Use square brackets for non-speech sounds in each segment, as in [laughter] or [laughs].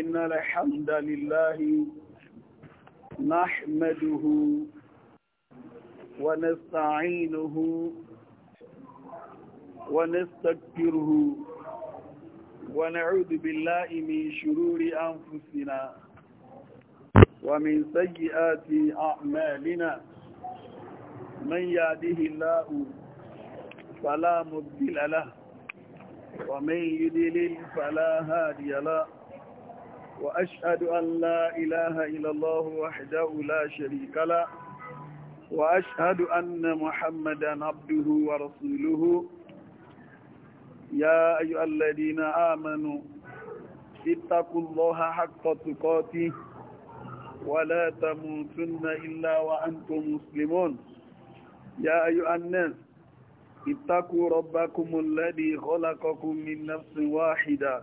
إن الحمد لله نحمده ونستعينه ونستكره ونعوذ بالله من شرور أنفسنا ومن سيئات أعمالنا من يهده الله فلا مضل له ومن يدلل فلا هادي له وأشهد أن لا إله إلا الله وحده لا شريك له وأشهد أن محمدا عبده ورسوله يا أيها الذين آمنوا اتقوا الله حق تقاته ولا تموتن إلا وأنتم مسلمون يا أيها الناس اتقوا ربكم الذي خلقكم من نفس واحدة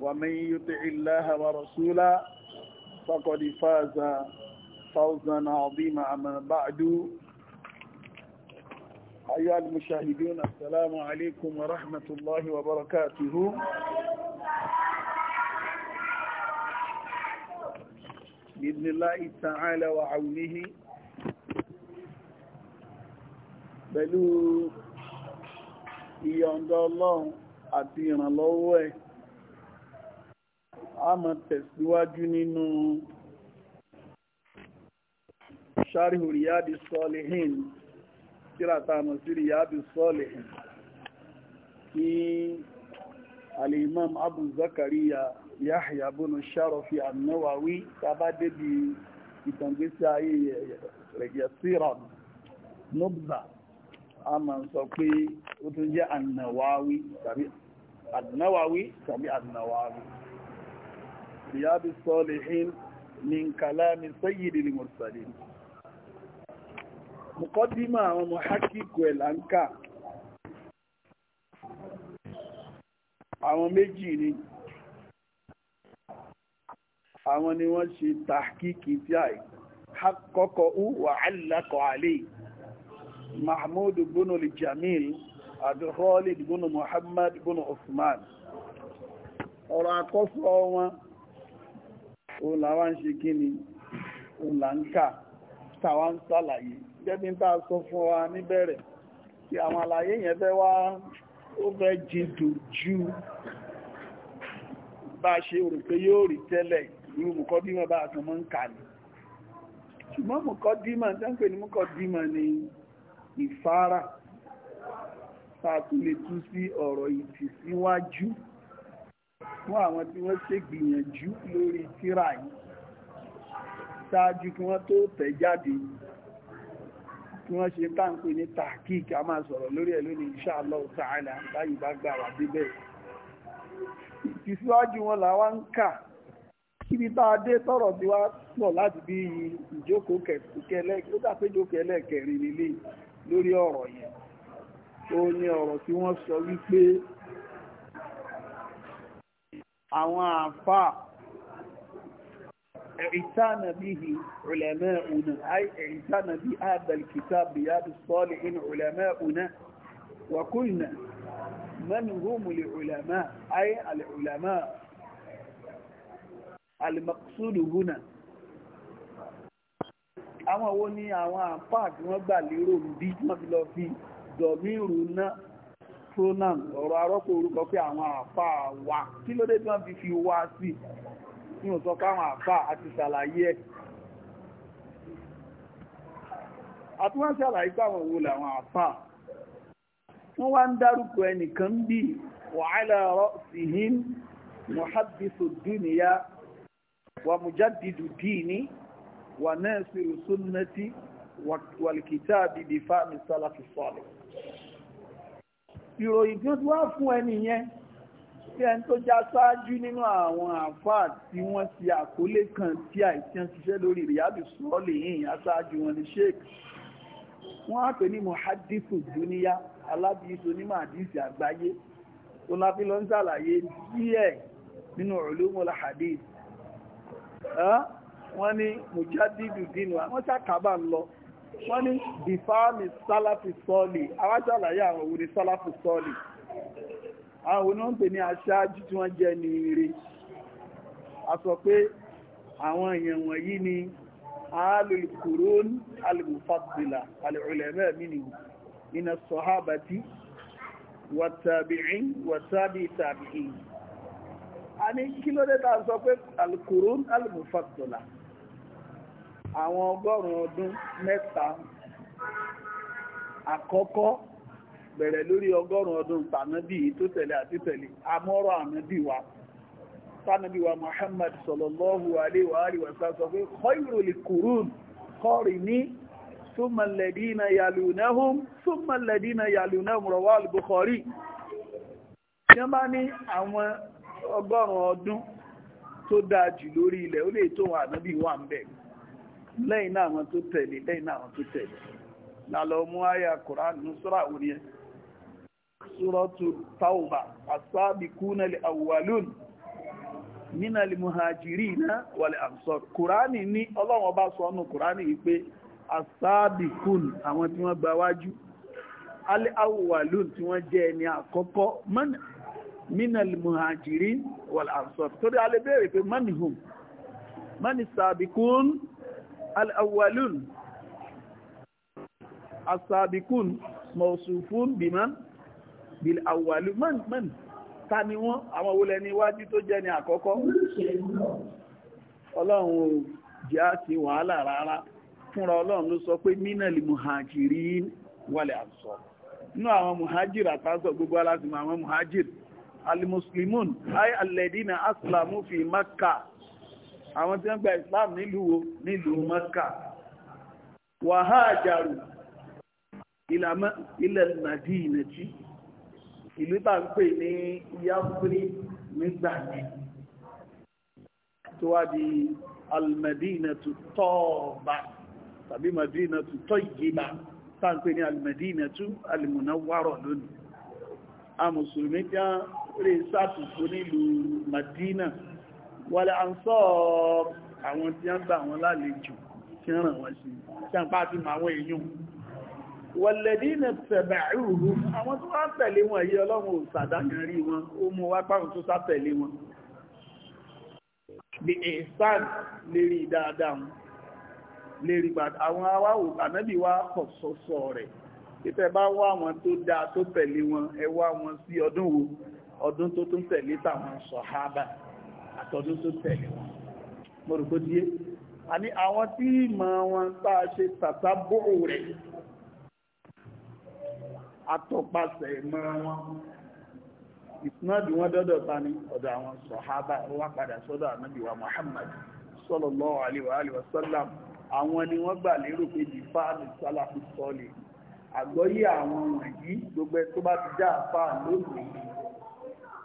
ومن يطع الله ورسوله فقد فاز فوزا عظيما أما بعد أيها المشاهدون السلام عليكم ورحمة الله وبركاته بإذن الله تعالى وعونه بلو يا الله àti الله a mọ̀ tẹ̀síwájú nínú ṣáríhù ríyádì sọ́lẹ̀hìn kíratàmọ̀ sí ríyádì sọ́lẹ̀hìn kí alìmọ́m abu zakariya yahya bónú ṣàrọ̀fí annawawi tàbá débi ìtàngbésí ayé rẹ̀yẹ̀síra nubza a mọ̀ sọ pé ó tún jẹ́ annawawi tàbí annawawi tàbí annawawi وثياب الصالحين من كلام سيد المرسلين مقدمة ومحقق والأنكا àwọn méjì ni àwọn ni wọ́n ṣe tàkíkì tí a kọ́kọ́ ú wà alákọ̀ àlè mahmoud ibn al-jamil àti khalid ibn muhammad ibn ọ̀rọ̀ àkọ́sọ́ wọn ó làwá ń ṣe kí ni ó là ń kà tàwa ń sàlàyé gẹ́bí tá a sọ fún wa níbẹ̀rẹ̀ tí àwọn àlàyé yẹn fẹ́ wá ó fẹ́ jìndù ju bá a ṣe rò pé yóò rí tẹ́lẹ̀ irú mùkọ́ bá a sọ ń kà ní ṣùgbọ́n mùkọ́ dímọ̀ ń pè ní mùkọ́ ni ìfárá tá a tún lè tú sí ọ̀rọ̀ ìtìsíwájú. Si fún àwọn tí wọ́n ṣe gbìyànjú lórí tírà yìí ṣáájú kí wọ́n tó tẹ̀ jáde kí wọ́n ṣe táǹkù ní tàkíkì a máa sọ̀rọ̀ lórí ẹ̀ lónìí insha Allah ta'ala báyìí bá gbà wà débẹ̀ ìfisíwájú wọn làwọn ń kà kíbi tá a dé tọ̀rọ̀ bí wá pọ̀ láti bí ìjókòó kẹlẹ́kẹrin nílé lórí ọ̀rọ̀ yẹn ó ní ọ̀rọ̀ tí wọ́n sọ wípé àwọn àfà ìtànà bí i ulẹ̀mẹ́ ònà àì ìtànà bí àbẹ̀lkìtà bí yàbí sọ́lì inú ulẹ̀mẹ́ ònà wàkúnnà من هم العلماء أي العلماء المقصود هنا àwọn wo ni àwọn àpá àti wọ́n pronoun ọ̀rọ̀ arọ́pò orúkọ pé àwọn àfà wa kí ló dé tí wọ́n fi fi wá sí ní ò sọ káwọn àfà àti ṣàlàyé ẹ̀ àti wọ́n káwọn wo làwọn àfà wọ́n wá ń dárúkọ ẹnìkan bí wàhálà ọ̀rọ̀ sìhín muhaddisu dúnìyà wa mujaddidu dini wa nasiru sunnati wal kitabi bi fahmi salafi salih ìròyìn tí ó ti wá fún ẹni yẹn tí ẹni tó já sáájú nínú àwọn àfáà tí wọ́n ti àkólé kan tí àìsàn ṣiṣẹ́ lórí ìrìyàbì sọ́ọ̀lì yìí aṣáájú wọn ni sheik wọ́n á pè ní mohadifu dúníyá alábìíso onímọ̀ àdìsí àgbáyé tó láfi lọ ń ṣàlàyé díẹ̀ nínú ulumul hadith wọ́n ní mujadidu dínú àwọn ṣàkábà ń lọ wọ́n ní bifáàmì sálàfì sọ́ọ̀lì awájàlàyé àwọn òun ni sálàfì sọ́ọ̀lì àwọn òun ń pè ní aṣáájú tí wọ́n jẹ́ ní ire a sọ pé àwọn èèyàn wọ̀nyí ni alìkùrún alìmùfàtìlà alìrìnlẹ̀mẹ́ àwọn ọgọ́rùn-ún ọdún mẹ́ta àkọ́kọ́ bẹ̀rẹ̀ lórí ọgọ́rùn-ún ọdún tànábì tó tẹ̀lé àti tẹ̀lé amọ́rọ̀ ànábì wa tànábì wa Muhammad sallallahu alaihi wa alihi wa sallam sọ pé khairul qurun qarni ọgọ́rùn-ún ọdún tó dáa jù lórí ilẹ̀ ó lè tó wọn ànábì wà ń bẹ̀rẹ̀ lẹ́yìn náà àwọn tó tẹ̀lé lẹ́yìn náà àwọn tó tẹ̀lé lálọ mú àyà kùránù sọ́rọ̀ àwọn yẹn sọ́rọ̀tù tàwùbà asábìkúnà lè àwùwàlún nínà lè muhajiri náà wà lè àmsọ́r kùránì ní ọlọ́wọ́n bá sọ ọ́nù kùránì yìí pé asábìkún àwọn tí wọ́n gba wájú alẹ́ àwùwàlún tí wọ́n jẹ́ ẹni àkọ́kọ́ nínà lè muhajiri wà lè alẹ́ pé al-awwalun as-sabiqun mawsufun biman bil-awwalun man man ta ni wọ́n àwọn olè ní iwájú tó jẹ́ ni àkọ́kọ́ ọlọ́run jẹ́ àti wàhálà rárá fúnra ọlọ́run ló sọ pé mínàlì muhajirin wàlẹ̀ àṣọ inú àwọn muhajir àtàṣọ gbogbo aláṣìmọ̀ àwọn muhajir alimuslimun ay alẹ́dínà aslamu fi makka àwọn tí wọ́n gba islam nílùú wo nílùú mọ́kà wàhájàrù ilẹ̀ màdínàtí ìlú tàà ń pè ní yáfúrí nígbà ní tó wá di almadinatu tọ́ọ̀bà tàbí madinatu tọ́yìbà tàà ń pè ní almadinatu alimunawwarọ̀ lónìí a mùsùlùmí tí wọ́n rí sáàtùkú nílùú madina wọlé àǹsọ́ àwọn tí wọ́n gbà wọn lálejò tí ń ràn wọ́n sí ṣàǹpá àti àwọn èèyàn wọ̀lẹ̀dí ní tẹ̀bẹ̀rúhù àwọn tó wá tẹ̀lé wọn èyí ọlọ́run ò sàdáyàn rí wọn ó mú wá pàrùn tó sátẹ̀lé wọn bí ìsàn lérí dáadáa wọn lérí gbàdá àwọn awáwò bá wá àwọn tó dáa tó tẹ̀lé wọn ẹ wọn sí ọdún wo ọdún tó tún tẹ̀lé tàwọn sọ̀hábà àtọ́dún tó tẹ̀lé wọn mọ̀rùkó díé àní àwọn tí ìmọ̀ wọn tá a ṣe tàtà bóò rẹ̀ atọ́pasẹ̀ ìmọ̀ wọn ìsinádì wọn dọ́dọ̀ ta ní ọ̀dọ̀ àwọn sọ̀hábà wá padà sọ́dọ̀ ànábìwá Muhammad sallallahu alaihi wa sallam àwọn ni wọ́n gbà lérò pé di fáàmì sálàfù sọ́ọ̀lì àgbọ́yé àwọn wọ̀nyí gbogbo ẹ̀ tó bá ti já àfáà lónìí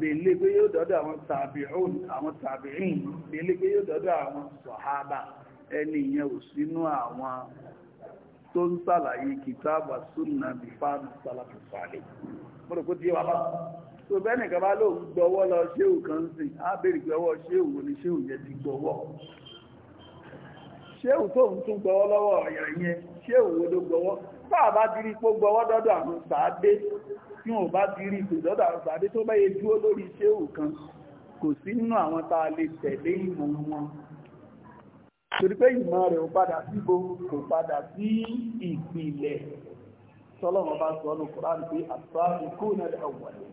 bèèlé pé yóò dọ́dọ̀ àwọn tàbíhùn àwọn tàbíhìn bèèlé pé yóò dọ́dọ̀ àwọn sọ̀hábà ẹni ìyẹn ò sínú àwọn tó ń sàlàyé kìtàbà súnà bí fáàmù sálàfù sàlẹ̀ mọ́rùkú tí wà bá tó bẹ́ẹ̀nì kan bá ló ń gbọ́wọ́ lọ ṣéwù kan sí á bèèrè pé ọwọ́ ṣéwù wo ni ṣéwù yẹn ti gbọ́wọ́ ṣéwù tó ń tún gbọ́wọ́ lọ́wọ́ ọ̀yàn yẹn ṣéwù wo ló gbọ́wọ́ tá a dirí pé gbọ́wọ́ dọ́dọ̀ àwọn sàádé tí wọ́n bá ti rí ìpè lọ́dọ̀ àwọn sàádé tó bá yẹ dúró lórí iṣẹ́ òkan kò sí nínú àwọn tá a lè tẹ̀lé ìmọ̀ wọn torí pé ìmọ̀ rẹ̀ ò padà síbo kò padà sí ìpìlẹ̀ tọ́lọ́wọ́n bá sọ ọ́nà kọ́rán pé àtúráàbí kó náà lè wọlé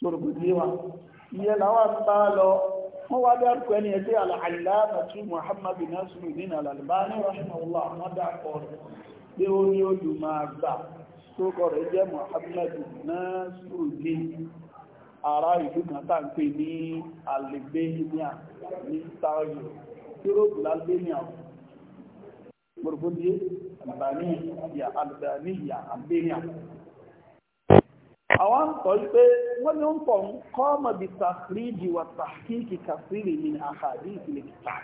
sọ̀rọ̀kù ní wa ìyẹ́ làwọn bá lọ wọ́n wá dárúkọ ẹni ẹgbẹ́ aláàmàtú Muhammad Nasiruddin Al-Albani rahimahullah àwọn dákọ̀ rẹ̀ pé ó ní olùmọ̀ àgbà sókọ rẹ̀ jẹ́ Muhammad Nasruddin ará ìlú kan tá ń pè ní Albania ní saudi Europe l'Albania gbogbogbò Albania Albania Albania àwọn ń tọ́ pé wọ́n ní ń pọ̀ ń kọ́ ọmọ bí sàkíríjì wà sàkíríjì kàfírì ní àhàdí ìpìlẹ̀ kìtà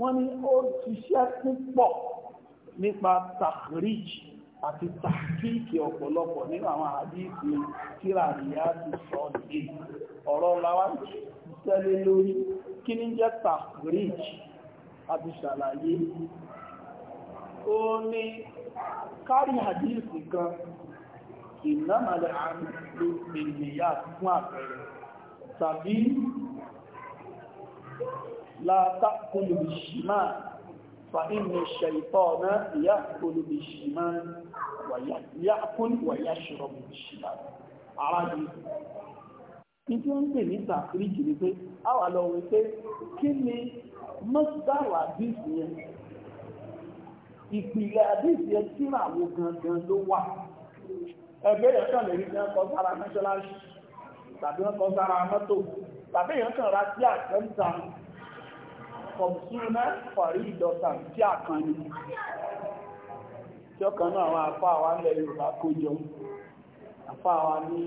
wọ́n ní ó ṣiṣẹ́ púpọ̀ nípa sàkíríjì àti tàkíkì ọ̀pọ̀lọpọ̀ nínú àwọn àdíìsì kíra àríyá ti sọ nìyí ọ̀rọ̀ láwá tẹ́lẹ̀ lórí kí ní jẹ́ tàkíríj àti ṣàlàyé ó ní kárí kan ìnámàlẹ̀ àmì ènìyà fún àpẹẹrẹ tàbí látàkùnlù ìṣìmáà fàínì ṣẹ̀ìtọ́ náà ìyá olùbí ṣìmá yàkún wàyá ṣọ̀rọ̀bù ṣìmá ara ni ní tí ó ń pè ní sàkíríjì ni pé a wà lọ wí pé kí ni mọ́sáwà àdìsí yẹn ìpìlẹ̀ àdìsí yẹn síra wo gangan ló wà ẹgbẹ́ yẹn ní ọkọ̀ sára mọ́ṣáláṣí kọ̀mùsùnmẹ́ kwari ìdọ́ta tí a kan ní tí ọkàn náà àwọn àfá àwá ilẹ̀ Yorùbá kó jọ àfá àwá ní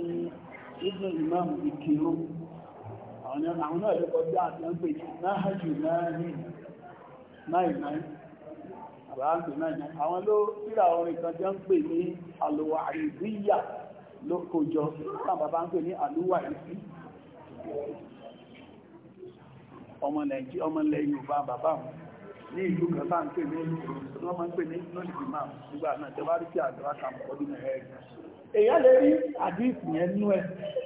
ìdún imam ìkìrò àwọn náà lẹ́kọ̀ọ́ bí àti ń pè náà náà ní náà ní àwọn ló síra jẹ́ ń pè ní àlùwà ló kó jọ bàbá ń pè ní àlùwà ọmọ nàìjíríà ọmọ ilẹ̀ yorùbá bàbá wọn ní ìlú kan bá ń pè ní wọ́n máa ń pè ní lónìí máa nígbà náà tẹ bá rí sí àdúrà kan ọdún mẹ́rẹ́ èèyàn lè rí àdíìsì yẹn nú ẹ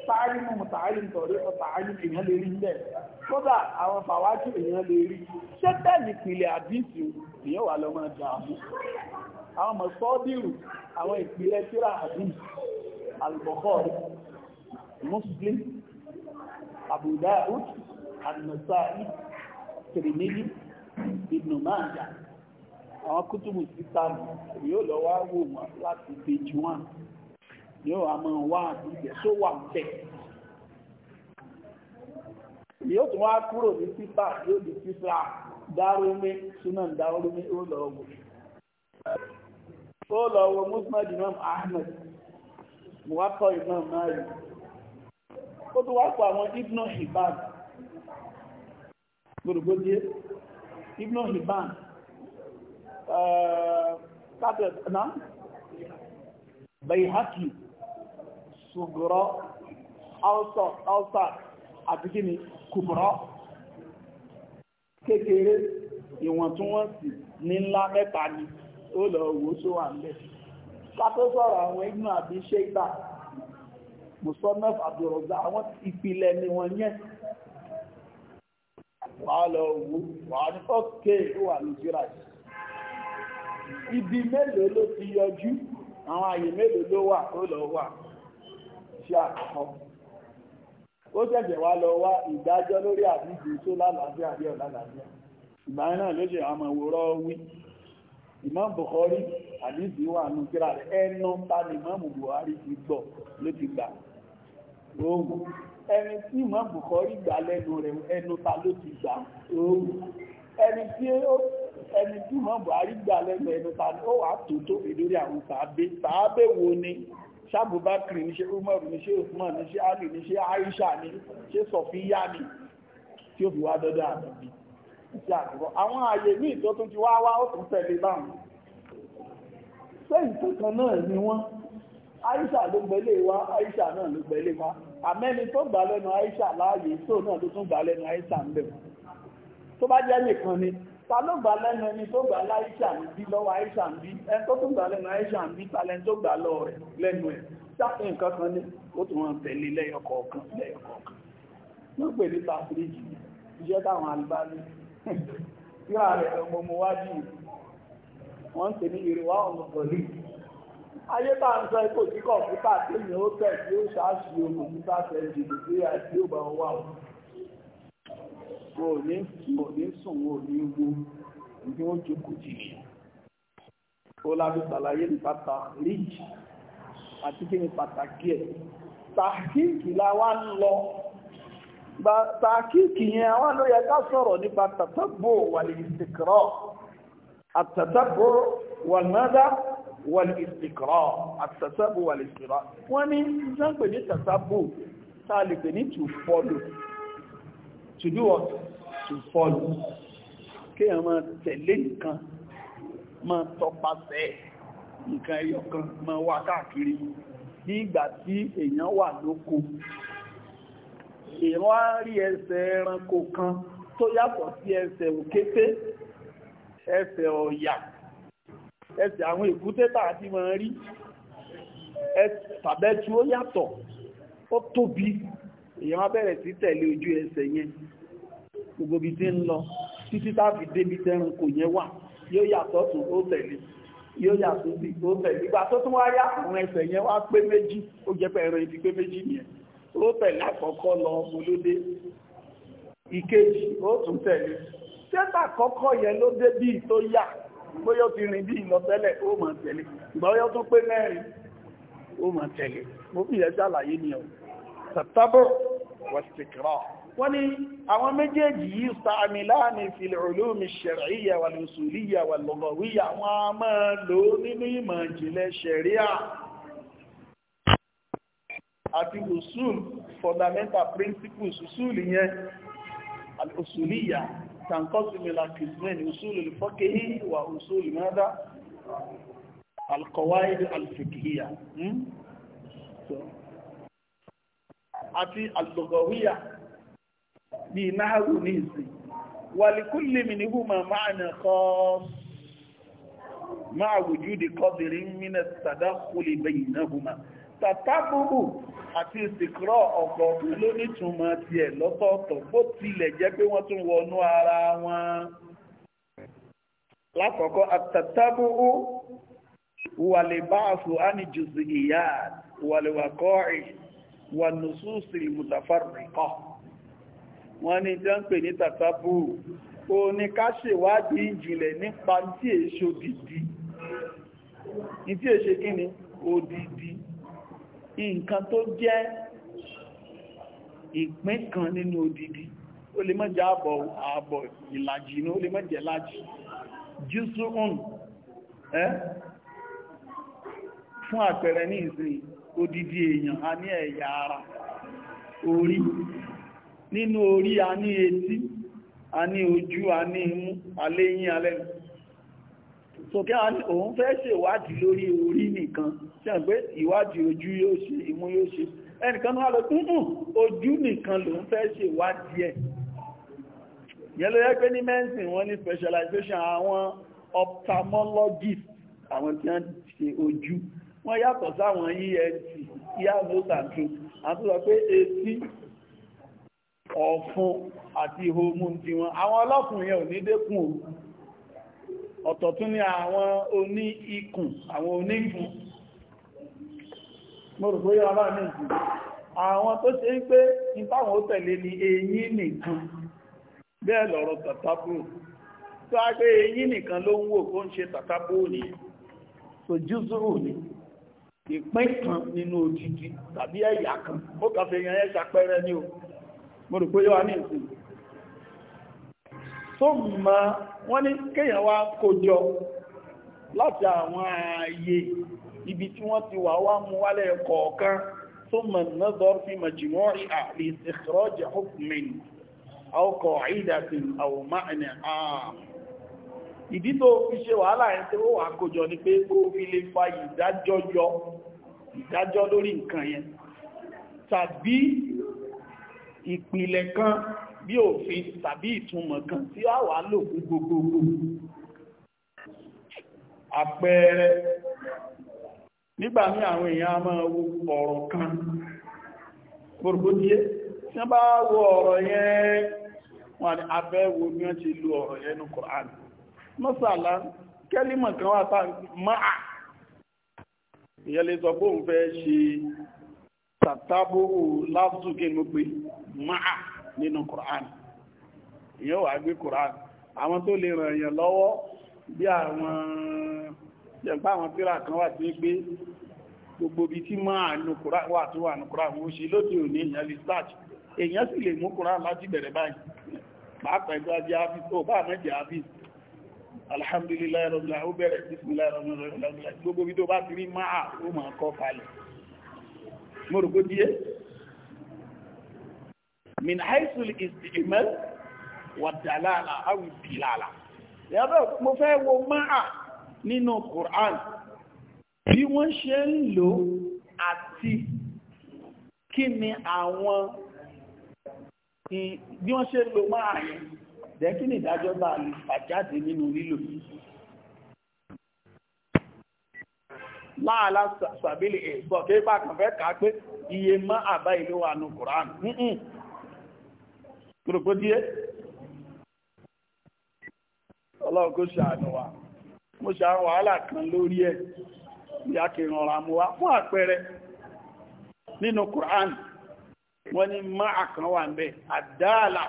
táàrí mú tààrí nítorí ọ tààrí èèyàn lè rí bẹ́ẹ̀ kódà àwọn fàwájú èèyàn lè rí ṣé bẹ́ẹ̀ni ìpìlẹ̀ àdíìsì èèyàn wà lọ́mọ dààmú àwọn ọmọ sọ́ọ́dìrù àwọn ìpìlẹ̀ tíra àdíìsì al-Bukhari Muslim Abu Dawud An-Nasa'i Tirmidhi Ibn Majah àwọn kútùbù síta yóò lọ wá wò wọ́n láti page one yóò wá mọ̀ wá àdúgbò tó wà bẹ́ẹ̀ yóò tún wá kúrò ní síta yóò di síta dárúmé súná dárúmé ó lọ wò ó lọ wò Musnad Imam Ahmed, Muwatta Imam Malik ó tún wá pa àwọn Ibn Hibban gbogbogbòdíé Ibn Hibban kátẹ̀tẹ̀ná uh, Bayhaqi ṣùgbọ́rọ̀ alsat àti kí ni kùbọ̀rọ̀ kekere ìwọ̀ntúnwọ̀nsì ní ńlá mẹ́ta ni ó lọ owó tó wà nílẹ̀ àwọn ìpìlẹ̀ ni wọ́n yẹn wà á lọ wú wà á ní ókè ó wà ní jíra ibi mélòó ló ti yọjú àwọn àyè mélòó ló wà ó lọ wà ṣe àkọ́kọ́ ó ṣẹ̀ṣẹ̀ wá lọ wá ìdájọ́ lórí àdíjì tó lálàáfíà àbí ọ̀lálàáfíà ìgbàmí náà ló ṣe àmọ̀ ìwòrọ̀ wí Imam Bukhari àdíjì wà ní kíra rẹ̀ ẹnu ta ni Imam Buhari ti gbọ́ ló ti gbà oògùn ẹni tí ìmọ̀ bùkọ́rí gbà lẹ́nu rẹ̀ ẹnu ta ló ti gbà ooru ẹni tí ẹni tí ìmọ̀ buhari gbà lẹ́nu ẹnu ta ó wà tó tó ìdórí àwọn sàábé sàábé wo ni sábùbákiri ní ṣe umaru ní ṣe usman ní ṣe ali ní ṣe aisha ní ṣe sọfíyá ní tí ó fi wá dọ́dọ̀ àbíbí ìṣe àkọ́kọ́ àwọn ààyè ní ìtọ́tún ti wá wá ó tún tẹ̀lé báwọn ṣé ìtọ́kan náà ni wọ́n aisha ló gbẹ́lé wá aisha náà ló gbẹ́lé wá àmẹ́ni tó gbà lẹ́nu aisha láàyè tó náà ló tún gbà lẹ́nu aisha ń bẹ̀ tó bá jẹ́ nìkan ni ta ló gbà lẹ́nu ẹni tó gbà láìsà ń bí lọ́wọ́ àìsà ń bí ẹni tó tún gbà lẹ́nu àìsà ń bí talent tó gbà lọ rẹ̀ lẹ́nu ẹ̀ sáfẹ́ nǹkan kan ní ó tún wọn tẹ̀lé lẹ́yọkọ̀ọ̀kan lẹ́yọkọ̀ọ̀kan wọ́n pè ní tàfíríjì iṣẹ́ táwọn alibáni [laughs] yóò ààrẹ ọmọ ọmọ wájú wọn ń tẹ̀ ní ìrẹ̀wá ọmọ ayé bá ń sọ ipò tí kọ̀ǹpútà tí mi ó tẹ̀ tí ó ṣáàṣì ohun ní sáfẹ́ di nàìjíríà tí ó bá wà wọn. wọn ò ní wọn ò ní sùn wọn ò ní wo ní wọn jókòó jì ní. ó lábẹ́ ṣàlàyé ní pátá ríjì àti kí ni pàtàkì ẹ̀. tàkíìkì la wá ń lọ tàkíìkì yẹn àwọn ló yẹ ká sọ̀rọ̀ nípa tàtàbò wà lè ṣèkìrọ̀ àtàtàbò wà náà wàlìsìkọ́rọ̀ àtàtàbù wàlìsìkọ́rọ̀ wọ́n ní ìjọ́pẹ̀ ní tàtàbù táà lè pè ní to follow to do what to follow kí èèyàn máa tẹ̀lé nǹkan ma tọpasẹ̀ nǹkan ẹyọ kan máa wá káàkiri ní ìgbà tí èèyàn wà lóko èèyàn á rí ẹsẹ̀ ẹranko kan tó yàtọ̀ sí ẹsẹ̀ òkété ẹsẹ̀ ọ̀yà ẹsẹ̀ àwọn èkúté tààtí mọ̀ rí tàbẹ́tú ó yàtọ̀ ó tóbi èèyàn á bẹ̀rẹ̀ sí tẹ̀lé ojú ẹsẹ̀ yẹn gbogbo ibi tí ń lọ títí táàfi débi tẹ́run kò yẹn wà yóò yàtọ̀ tún ó tẹ̀lé yóò yàtọ̀ sí ó tẹ̀lé ìgbà tó tún wá yá àwọn ẹsẹ̀ yẹn wá pé méjì ó jẹ́ pé ẹran ibi pé méjì nìyẹn ó tẹ̀lé àkọ́kọ́ lọ olóde ìkejì ó tún tẹ̀lé tẹ́tà àkọ́kọ́ yẹn ló dé bíi tó yà bóyá ti rìn bí ìlọtẹ́lẹ̀ ó máa tẹ̀lé ìgbàwọ́yọ́ tó pé mẹ́rin ó máa tẹ̀lé mo fi yẹn ṣàlàyé ni ọ tàtàbọ̀ wàsìkìrọ̀ wọ́n ní àwọn méjèèjì yìí sàmì láàrin ìfìlẹ̀ olómi ṣẹ̀ríyà wà تنقسم إلى قسمين أصول الفقه وأصول ماذا؟ القواعد الفقهية àti اللغوية bí náhàrù ní ìsìn ولكل منهما معنى خاص مع وجود قدر من التدخل بينهما تتبع àti ìsìnkúrọ̀ ọ̀kọ̀ọ̀kan ló nítumọ̀ tiẹ̀ lọ́tọ̀ọ̀tọ̀ bó tilẹ̀ jẹ́ pé wọ́n tún wọnú ara wọn. lákọ̀ọ́kọ́ àtàtàbùrú wàlébáàfù ánìjùsì ìyá wàlèwàkọ́rì wànùsùsì mùtàfàrìkọ́. wọ́n ní jẹ́ ń pè ní tàtàbùrú ó ní ká ṣèwádìí ìjìnlẹ̀ nípa tí èso dìdí ní tí èso kí òdìdí nǹkan tó jẹ́ ìpín kan nínú odidi ó lè má jẹ́ àbọ̀ àbọ̀ ìlàjì ní ó lè má jẹ́ jùsù ún ẹ́ fún àpẹẹrẹ ní ìsìn odidi èèyàn a ní ẹ̀yà ara orí nínú orí a ní etí a ní ojú a ní imú aléyín alẹ́nu so kí àwọn òun fẹ́ ṣe ìwádìí lórí orí nìkan ṣe ń pé ìwádìí ojú yóò ṣe imú yóò ṣe ẹnìkan náà lọ tún tún ojú nìkan lòun fẹ́ ṣe ìwádìí ẹ̀ yẹn ló yẹ pé ní mẹ́sìn wọ́n ní specialization àwọn ophthalmologist àwọn tí wọ́n ṣe ojú wọ́n yàtọ̀ sáwọn ent ear nose and throat àti sọ pé etí ọ̀fun àti ihò mú tiwọn àwọn ọlọ́kùnrin yẹn ò ní dẹ́kun òun ọ̀tọ̀ tún ní àwọn oní ikùn àwọn oníkùn mọ́rùn-ún yọ́ aláà ní ìsìn àwọn tó ṣe ń pé ní táwọn ó tẹ̀lé ní eyín nìkan bẹ́ẹ̀ lọ̀rọ̀ tàtàbù tó á pé eyín nìkan ló ń wò kó ń ṣe tàtàbù ní so ní ìpín kan nínú òjìjì tàbí ẹ̀yà kan ó yẹn ṣàpẹẹrẹ ní o mọ́rùn-ún yọ́ aláà ní ìsìn thumma wọ́n ní kéèyàn wá kójọ láti àwọn ààyè ibi tí wọ́n ti wà wá mú wálẹ̀ kọ̀ọ̀kan thumma an-nazar fi majmu'iha li istikhraj hukmin aw qa'idatin aw ma'na am ìdí tó fi ṣe wàhálà ẹ̀ tí ó wà kójọ ni ìdájọ́ lórí nǹkan yẹn tàbí ìpìlẹ̀ kan tàbí òfin tàbí ìtumọ̀ kan tí a wà lò fún gbogbogbò àpẹẹrẹ nígbà ní àwọn èèyàn a máa wo ọ̀rọ̀ kan gbogbo díẹ̀ tí wọ́n bá wo ọ̀rọ̀ yẹn wọ́n ni abẹ́wò ní wọ́n ti lo ọ̀rọ̀ yẹn ní Kùránì mọ́sàlá kẹ́límọ̀ kan wà tá máa ìyẹn lè sọ pé òun nínú Quran ìyẹn wà gbé Quran àwọn tó lè ràn èèyàn lọ́wọ́ bí àwọn jẹ̀gbá àwọn tíra kan wà tí pé gbogbo bí tí máa nù Quran wà tó wà nù Quran wọ́n ṣe lóde òní èèyàn lè start èèyàn sì lè mú Quran láti bẹ̀rẹ̀ báyìí pàápàá ẹgbẹ́ alhamdulillah ẹ̀rọ̀bìlà ó bẹ̀rẹ̀ bismillah ẹ̀rọ̀bìlà gbogbo bí tó bá ti rí máa ó máa kọ́ kalẹ̀ mo díẹ̀ min haisul istimal wà dàlálà awi dìlálà yàbẹ̀ mo fẹ́ wo máa nínú Qur'an bí wọ́n ṣe ń lò àti kí ni àwọn bí wọ́n ṣe lò máa yẹn jẹ́ kí ni ìdájọ́ bá lè láàlá sàbílì ẹ̀gbọ́ bá kàn fẹ́ kàá pé iye mọ́ àbá ìlú wà ní Qur'an gbogbo díẹ̀ ọlọ́run kó ṣàánú wa mo ṣàánú wàhálà kan lórí ẹ ìyá kìrìn ọ̀rọ̀ àmúwá fún àpẹẹrẹ nínú Qur'an wọ́n ní máa kan wà ń bẹ́ àdáàlà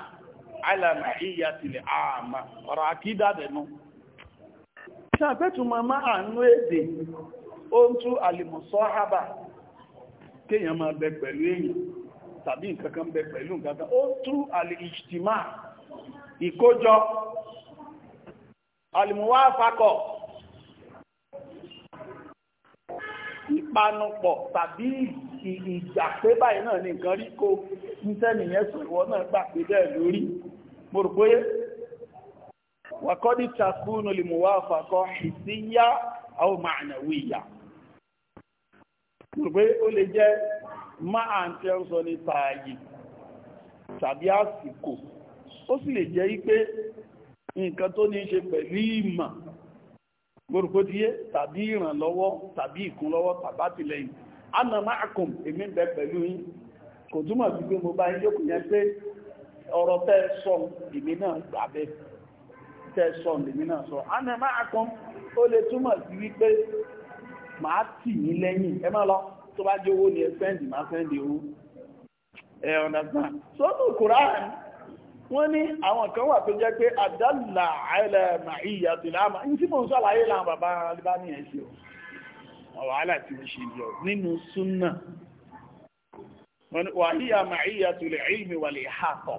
alàmàíyà tilẹ̀ àmà ọ̀rọ̀ àkídàdẹ̀nú ṣàpẹ́tùmọ̀ èdè ó ń tú kéèyàn máa bẹ tàbí nǹkan kan bẹ pẹ̀lú nǹkan kan ó tú al-ijtima ìkójọ al-muwafaqo ìpanupọ̀ tàbí ìjà báyìí náà ní nǹkan rí kó ní sẹ́nìyàn ìwọ náà gbà pé bẹ́ẹ̀ lórí mo rò pé wàkọ́dí takunu al-muwafaqo hissiya aw ma'nawiyya pé ó lè jẹ́ máa ń tẹ́ ń sọ ní tààyè tàbí àsìkò ó sì lè jẹ́ wípé nǹkan tó ní í ṣe pẹ̀lú ìmọ̀ gbòròkòdíyé tàbí ìrànlọ́wọ́ tàbí ìkúnlọ́wọ́ tàbí àtìlẹ́yìn ana ma'akum èmi bẹ pẹ̀lú yín kò túmọ̀ sí pé mo bá yín jókòó yẹn pé ọ̀rọ̀ tẹ́ sọ èmi náà gbà bẹ́ tẹ́ sọ èmi náà sọ ana ma'akum ó lè túmọ̀ sí wípé màá tì yín lẹ́yìn ẹ má lọ tó bá jẹ́ owó ni ẹ sẹ́ndì má sẹ́ndì owó ẹ understand sọ́nù Kùránì wọ́n ní àwọn kan wà tó jẹ́ pé àdálà àìlẹ̀ màáyà tó láàmà ní tí mò ń sàlàyé láwọn bàbá alibá ní ẹ̀ṣẹ̀ ọ̀ wàhálà tí ó ṣe yọ nínú súnà wàhíyà màáyà tó lè ìlmi wà lè hàtọ̀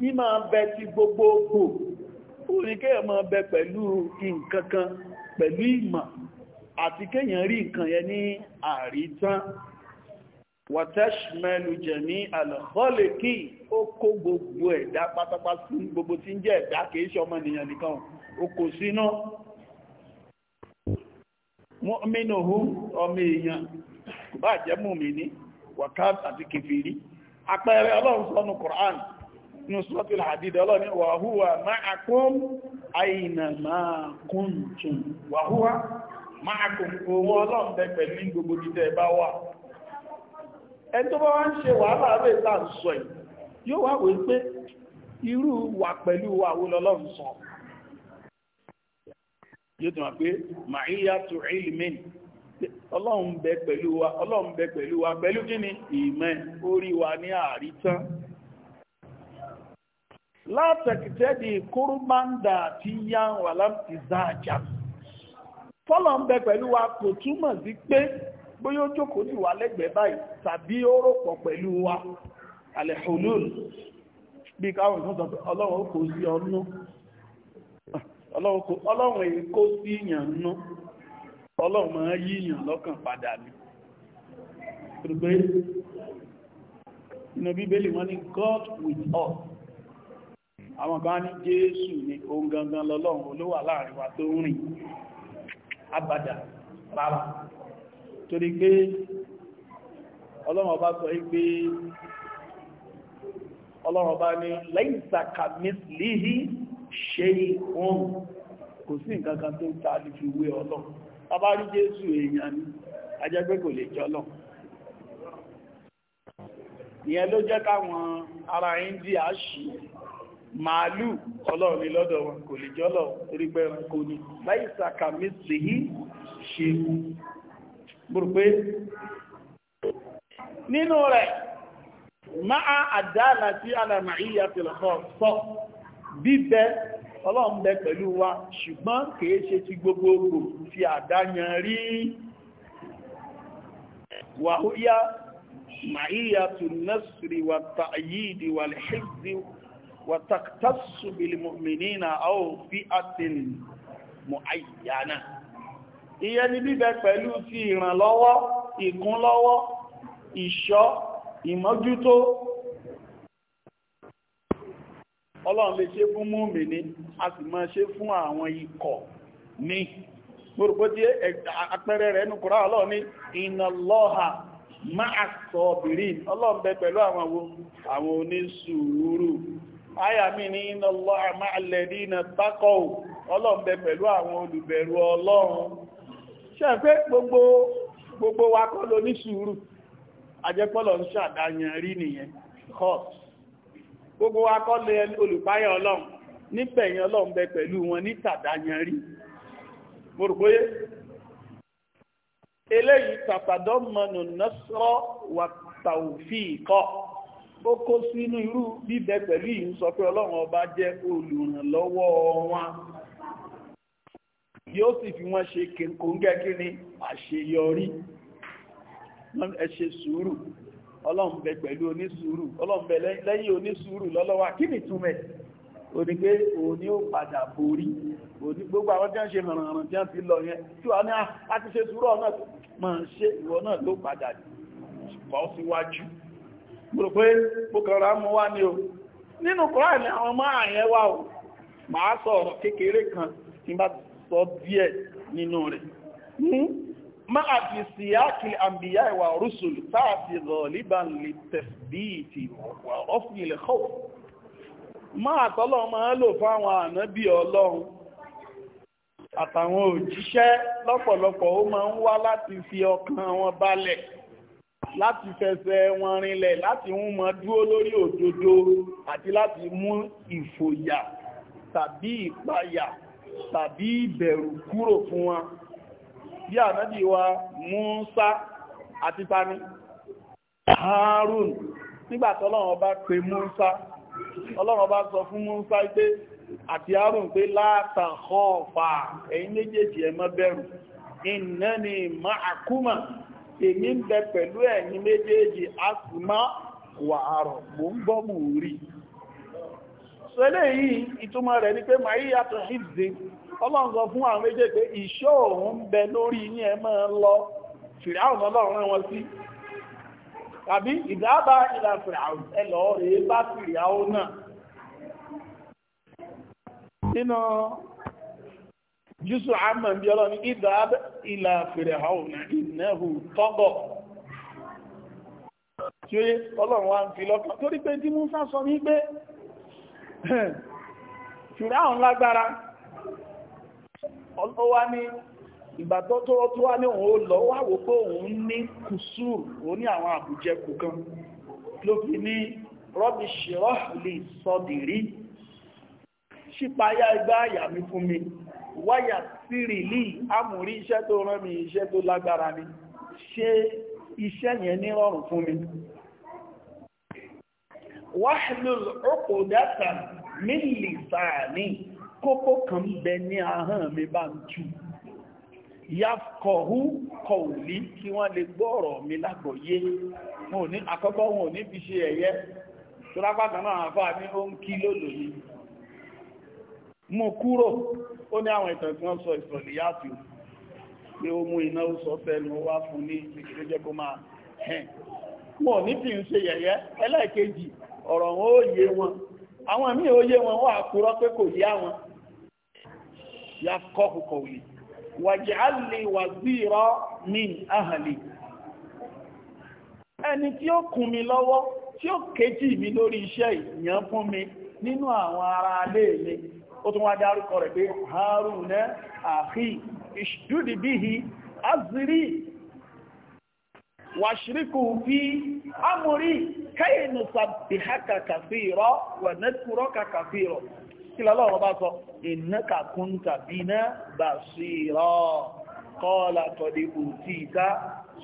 mímọ̀ bẹ ti gbogbogbò ó ní kéèyàn máa bẹ pẹ̀lú nǹkan kan pẹ̀lú ìmọ̀ àti kéèyàn rí nǹkan yẹ ní àrítán wàtẹ́ṣmẹ́lù jẹ̀mí àlọ́kọ́lẹ̀kì ó kó gbogbo ẹ̀dá pátápá sí gbogbo tí ń jẹ́ ẹ̀dá kìí ṣe ọmọnìyàn nìkan ó kò síná mọ́mínúhù ọmọ kò bá nùsùlọ́tìlá àdídẹ ọlọ́ni wàhúwà ma'akum àìnà ma'akún tún wàhúwà ma'akum owó ọlọ́m̀bẹ pẹ̀lú gbogbo títẹ́ bá wà ẹni wa bá wá ń ṣe wàhálà rẹ̀ wa sọ yóò iru wà pẹ̀lú ọlọ́run bẹ pẹ̀lú wa pẹ̀lú kí ni ìmẹ́ orí wa ní àrítán látẹ̀kìtẹ́dì kúrúmáńdà àti yan wà láti fọ́lọ̀ ń bẹ pẹ̀lú wa kò túmọ̀ sí pé bóyá ó jókòó sí tàbí ó pẹ̀lú wa bí káwọn ìfún sọ pé ọlọ́run kò sí ọnú ọlọ́run sí yàn nú ọlọ́run máa yí yàn lọ́kàn padà inú bíbélì God with us àwọn kan ní jésù ni ohun gangan lọ́lọ́run olówà láàrin wa tó rìn abàdà rárá torí pé ọlọ́run ọba sọ pé ọlọ́run ọba ní laysa kamislihi shay'un kò sí nǹkan kan tó ń ta lè fi wé ọlọ́run ni ajẹ́gbé kò lè jọ ìyẹn ló jẹ́ káwọn ará India ṣì màálù ọlọ́run ní lọ́dọ̀ wọn kò lè jọ́lọ̀ orígbẹ́ ẹranko ni láì sàkà mẹ́sì yí ṣe burúkú nínú rẹ̀ máa àdáàlá sí alàmà ìyà tìlọ̀kọ́ sọ bíbẹ ọlọ́run bẹ pẹ̀lú wa ṣùgbọ́n kìí ṣe ti gbogbogbò ti àdáyàn rí wàhúyá màíyà tùnẹ́sìrì wà tààyídì wà lẹ́ṣẹ́gbẹ̀ẹ́ وتختص بالمؤمنين أو فئة معينة ìyẹn ni bíbẹ̀ pẹ̀lú ti ìrànlọ́wọ́ ìkúnlọ́wọ́ ìṣọ́ ìmọ́jútó ọlọ́run lè ṣe fún mùmínì a sì máa ṣe fún àwọn ikọ̀ ní gbogbo tí àpẹẹrẹ rẹ̀ nù kúrò ọlọ́run ní ìnàlọ́ha máa sọ bìrín ọlọ́run bẹ pẹ̀lú àwọn àyà mi ní inna Allaha ma'al ladina taqaw ọlọ́run bẹ pẹ̀lú àwọn olùbẹ̀rù ọlọ́run gbogbo gbogbo wa kọ́ ló ní sùúrù ń ṣàdáyàn rí nìyẹn gbogbo wa kọ́ lè olùpáyà ọlọ́run ní ó kó sínú irú bíbẹ pẹ̀lú ìyún sọ pé ọlọ́run ọba jẹ́ olùrànlọ́wọ́ wọn yóò sì fi wọ́n ṣe kòńgẹ́ kí ni àṣeyọrí ẹ ṣe sùúrù ọlọ́run bẹ pẹ̀lú onísùúrù ọlọ́run bẹ lẹ́yìn onísùúrù lọ́lọ́wà kí ni túmẹ̀ òní pé òní ó padà borí òní gbogbo àwọn tí wọ́n ṣe mọ̀rànràn tí wọ́n ti lọ yẹn tí wọ́n ní ah, a ti ṣe sùúrù ọ̀nà mọ̀ ṣe ìwọ náà ló padà bọ́ síwájú gbogbo pé gbogbo mú wá ní o nínú Kùránì àwọn ọmọ àyẹn wà o máa sọ ọ̀rọ̀ kékeré kan tí bá sọ díẹ̀ nínú rẹ̀ ma hmm? a fi síyáàkì àmbìyà ìwà rúsùlù táà fi rọ̀líbàn lè tẹ̀síìtì wà ọ́fìnlẹ̀ hope máa tọ́lọ̀ máa lò fáwọn ànábì ọlọ́run àtàwọn òjíṣẹ́ lọ́pọ̀lọpọ̀ ó máa ń wá láti láti fẹsẹ̀ wọn rinlẹ̀ láti mú mọ dúró lórí òdodo àti láti mú ìfòyà tàbí ìpayà tàbí ìbẹ̀rù kúrò fún wọn bí ànábì wa Mùsá àti tani Harun nígbàtí ọlọ́run ọba pè Mùsá ọlọ́run ọba sọ fún Mùsá pé àti Harun pé látàkọ́ ọ̀fà ẹ̀yin méjèèjì ẹ má bẹ̀rù innani ma'akuma èmi ń bẹ pẹ̀lú ẹ̀yin méjèèjì asùmá wà àrọ̀ mò ń bọ́ mò rí sẹ́lẹ̀ yìí ìtumọ̀ rẹ̀ ni pé màá yí yàtọ̀ hìbze ọlọ́run sọ fún àwọn méjèèjì pé ìṣọ́ òun ń bẹ lórí yín ẹ máa ń lọ fìràwùn ọlọ́run rán wọn sí tàbí ìdábà ìlà fìràwùn ẹ rèé bá fìràwùn náà jùsù àmà bí ọlọ́ni ìdáb ìlà Fir'auna innahu tagha tí ó yé ọlọ́run wá ń fi lọ́kàn torí pé tí mú sá sọ ní pé hmm, Fir'aun lágbára ọlọ́wá ní ìgbà tó tó tó wá ní òun ó lọ wá wò pé òun ní kùsùr òun ní àwọn àbújẹkù fún mi wáyà sírì lì amúrí iṣẹ́ tó rán mi iṣẹ́ tó lágbára ni ṣe iṣẹ́ yẹn ní rọrùn fún mi wahlul uqdatan min lisani kókó kan bẹ ní ahọ́n mi bá ń tú yafkọ̀hú kọ̀ọ̀lí kí wọ́n lè gbọ́ ọ̀rọ̀ mi lágbọ̀yé àkọ́kọ́ wọn ò ní fi ṣe ẹ̀yẹ tó lápá kan náà àfáà ní ó ń kí lólòyìn mú kúrò ó ní àwọn ìtàn tí wọ́n sọ ìsọ̀lẹ̀ yàtù pé o mú iná ó sọ fẹ́nu wá fún ní ìṣẹ́lẹ̀ jẹ́ kó máa hẹn wọn ní fi ń ṣe yẹ̀yẹ́ ẹlẹ́ẹ̀kejì ọ̀rọ̀ ó yé wọn wọn ya mi mi mi nínú àwọn ará alé ó tún wá dárúkọ rẹ̀ pé Haruna akhi ishdud bihi azri wàṣíríkù fi amúrí káyẹ̀nù sàbìhákà kàfíìrọ wà nẹ́kùrọ́kà kàfíìrọ kí lọ́lọ́rọ̀ bá sọ ìnáka kúnta bíná bà síìrọ kọ́ọ̀lá tọ́dí òtí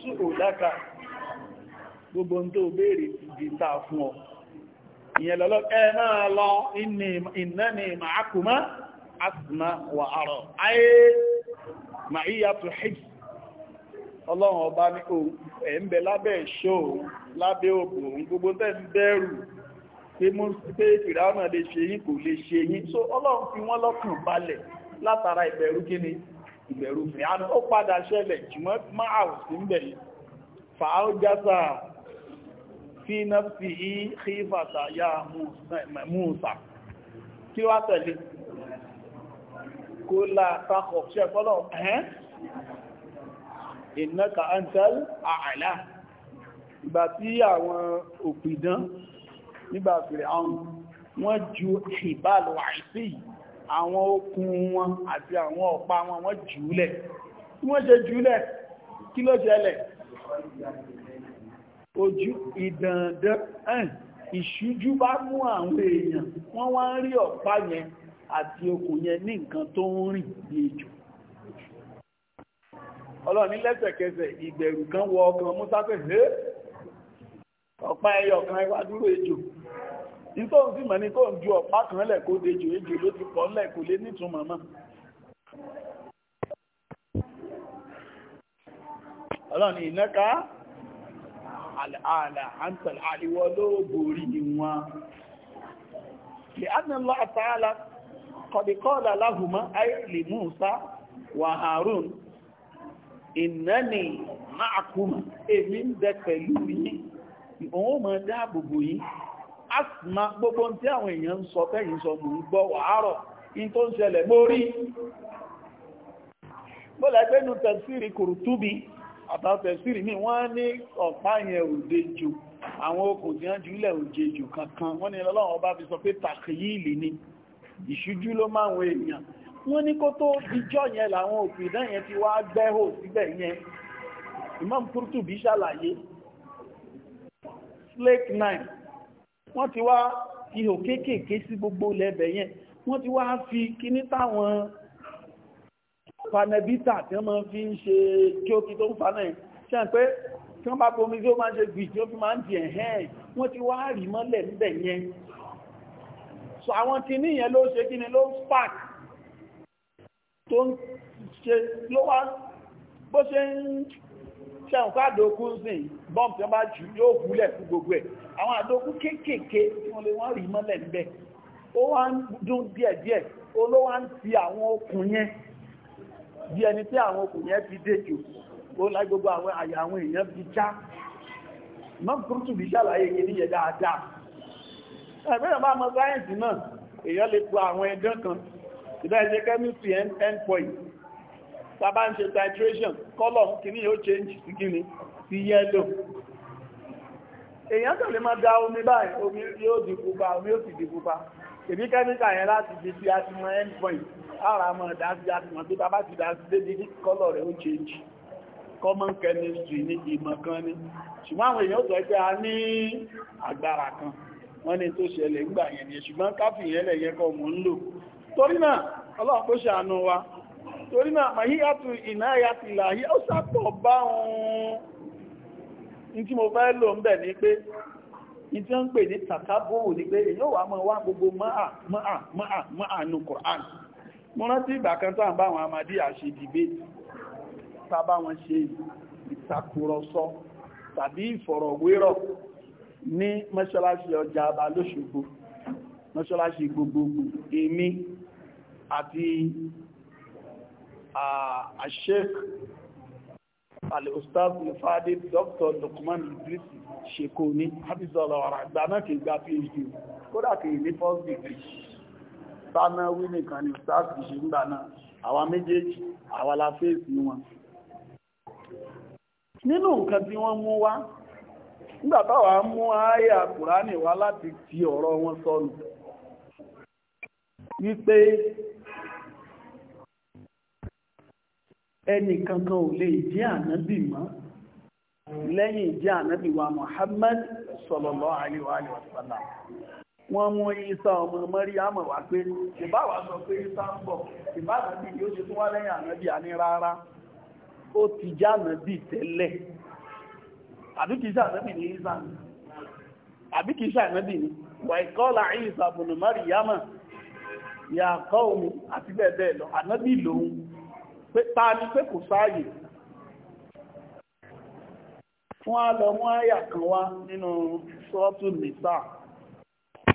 sí òdáka gbogbo ń tó béèrè ti fún ọ ìyẹn lọ́lọ́ ni máa lọ innani ma'akuma asma wà ara ayé ma'iyatu hajj ọlọ́run ọba ní ẹ̀ẹ́mbẹ̀ lábẹ́ ìṣọ́ lábẹ́ òbò gbogbo tẹ́ ń bẹ̀rù pé mú pé ìrànà lè ṣe kò lè ṣe so ọlọ́run fi wọ́n balẹ̀ látara ìbẹ̀rù ìbẹ̀rù ó padà ṣẹlẹ̀ sí ń fi nafsi i khifata ya Musa kí wá tẹ̀lé kó látakọ̀ ṣe fọ́lọ̀ ẹ̀hẹ́n innaka antal a'la ìgbà tí àwọn òpìdán nígbà fìrẹ̀ àwọn wọ́n ju ìbálò àìsí àwọn okùn wọn àti àwọn ọ̀pá wọn wọ́n jùúlẹ̀ tí wọ́n ṣe jùúlẹ̀ kí ló ṣẹlẹ̀ ojú ìdàndẹ́ ẹ̀n ìṣújú bá mú àwọn èèyàn wọ́n wá ń rí ọ̀pá yẹn àti okùn yẹn ní nǹkan tó ń rìn bí ejò ọlọ́ni lẹ́sẹ̀kẹsẹ̀ ìbẹ̀rù kan wọ ọkàn Músá pé ọ̀pá ẹyọ kan ẹwà dúró ejò nítò sì mọ̀ ní ń ju ọ̀pá kan lẹ̀ kó dejò ló ti pọ̀ lẹ̀ lé nítumọ̀ mọ́ ọlọ́ni ìnẹ́ka àlà àǹtàlà àríwọ́ ló borí wọn lè ánàlá àtàlá kọ̀dìkọ́ọ̀lá láhùmá àìlè Mùsá wà Harun ìnáni máàkùmá èmi ń bẹ pẹ̀lú yìí òun mọ̀ dáàbòbò yìí asìmá gbogbo tí àwọn èèyàn ń sọ fẹ́yìn sọ mú gbọ́ wàárọ̀ in tó ń ṣẹlẹ̀ mórí bọ́lá ẹgbẹ́nu tẹ̀sírí kùrùtúbi àtàtẹ̀ sírì ní wọ́n ní ọ̀pá yẹn òdejò àwọn okùn tí wọ́n jùlẹ̀ òjejò kankan wọ́n ní lọ́wọ́ bá fi sọ pé tàkìyìlì ni ìṣújú ló máa wọ èèyàn wọ́n ní kó tó dijọ́ yẹn làwọn òpìdán yẹn ti wá nine wọ́n ti wá ihò kéékèèké sí gbogbo lẹ́bẹ̀ yẹn wọ́n fanẹbítà tí wọ́n máa fi ń ṣe kí ó kí tó ń fa náà ṣe pé tí wọ́n bá bomi tí ó máa ṣe gbì tí ó fi máa ń di ẹ̀hẹ́n wọ́n ti wá rí mọ́lẹ̀ níbẹ̀ yẹn so àwọn tí ní yẹn ló ṣe kí ni ló spark tó ń ṣe ló wá bó ṣe ń ṣe nǹkan àdókún sìn bọ́m tí wọ́n bá jù yóò gúnlẹ̀ fún gbogbo ẹ̀ àwọn àdókún kéékèèké tí wọ́n lè wá rí mọ́lẹ̀ níbẹ̀ ó wá ń dún díẹ̀díẹ̀ olówá ń ti àwọn okùn yẹn bí ẹni tí àwọn okùn yẹn ti dé jù ó láì gbogbo àwọn àyà àwọn èèyàn fi já mọ́kúrútù bí ṣàlàyé kìí yẹ dáadáa ẹgbẹ́rẹ̀ bá mọ sáyẹ̀nsì náà èèyàn lè po àwọn ẹ̀dán kan ìdá ẹ̀ṣẹ́ chemistry end point tàbá ń ṣe titration color kìí yóò change sí gíní sí yellow èèyàn tó lè máa da omi báyìí omi yóò di pupa omi yóò sì di pupa èbí kẹ́míkà yẹn láti di sí àtìmọ̀ end point ara mọ̀ dáṣí mọ̀ tó bá ti dáṣí débi ní kọ́lọ̀ rẹ̀ ó change common chemistry ní ìmọ̀ kan ní ṣùgbọ́n àwọn èèyàn sọ pé a ní agbára kan wọ́n ní tó ṣẹlẹ̀ ń gbà yẹn ni ṣùgbọ́n káfí yẹn ó ń pè ní tàkàbò gbogbo máa máa máa mo rántí ìgbà kan tó à ń bá àwọn amadí àṣe dìbéètì tá bá wọn ṣe ìtàkùrọ̀sọ tàbí ìfọ̀rọ̀wérọ̀ ní mọ́ṣáláṣí ọjà àbá lóṣogbo mọ́ṣáláṣí gbogbogbò èmi àti àṣẹ́k alìostaf lefade dr Lukman Idris Shekoni abizọ́lọ̀ ọ̀rọ̀ àgbà náà kìí gba phd kódà kìí ní first degree sánáwí nìkan ni stars kì ṣe ń gbà náà àwa méjèèjì àwa la fèsì wọn nínú nǹkan tí wọ́n mú wá nígbà táwa mú àyà kùránì wá láti ti ọ̀rọ̀ wọn sọnù wípé ẹnì kankan ò lè jẹ́ ànábì mọ́ lẹ́yìn jẹ́ ànábì wa Muhammad sallallahu alaihi wa sallam wọ́n mú ìsá ọmọ mọ́ríyàmọ̀ wá pé ìbáwà sọ pé ìsá ń bọ̀ ìbáàbí yóò ṣe tún wá lẹ́yìn ànábì àní rárá ó ti já ànábì tẹ́lẹ̀ àbí kìí sànábì ní ìsá ni àbí kìí sànábì ní wà ìkọ́lá ìsá bùnú mọ́ríyàmọ̀ yà kọ́ òun àti bẹ́ẹ̀ bẹ́ẹ̀ lọ ànábì lòun pé ta ni pé kò sáàyè fún àlọ́ mú àyà kan wá nínú sọ́ọ̀tù nìsáà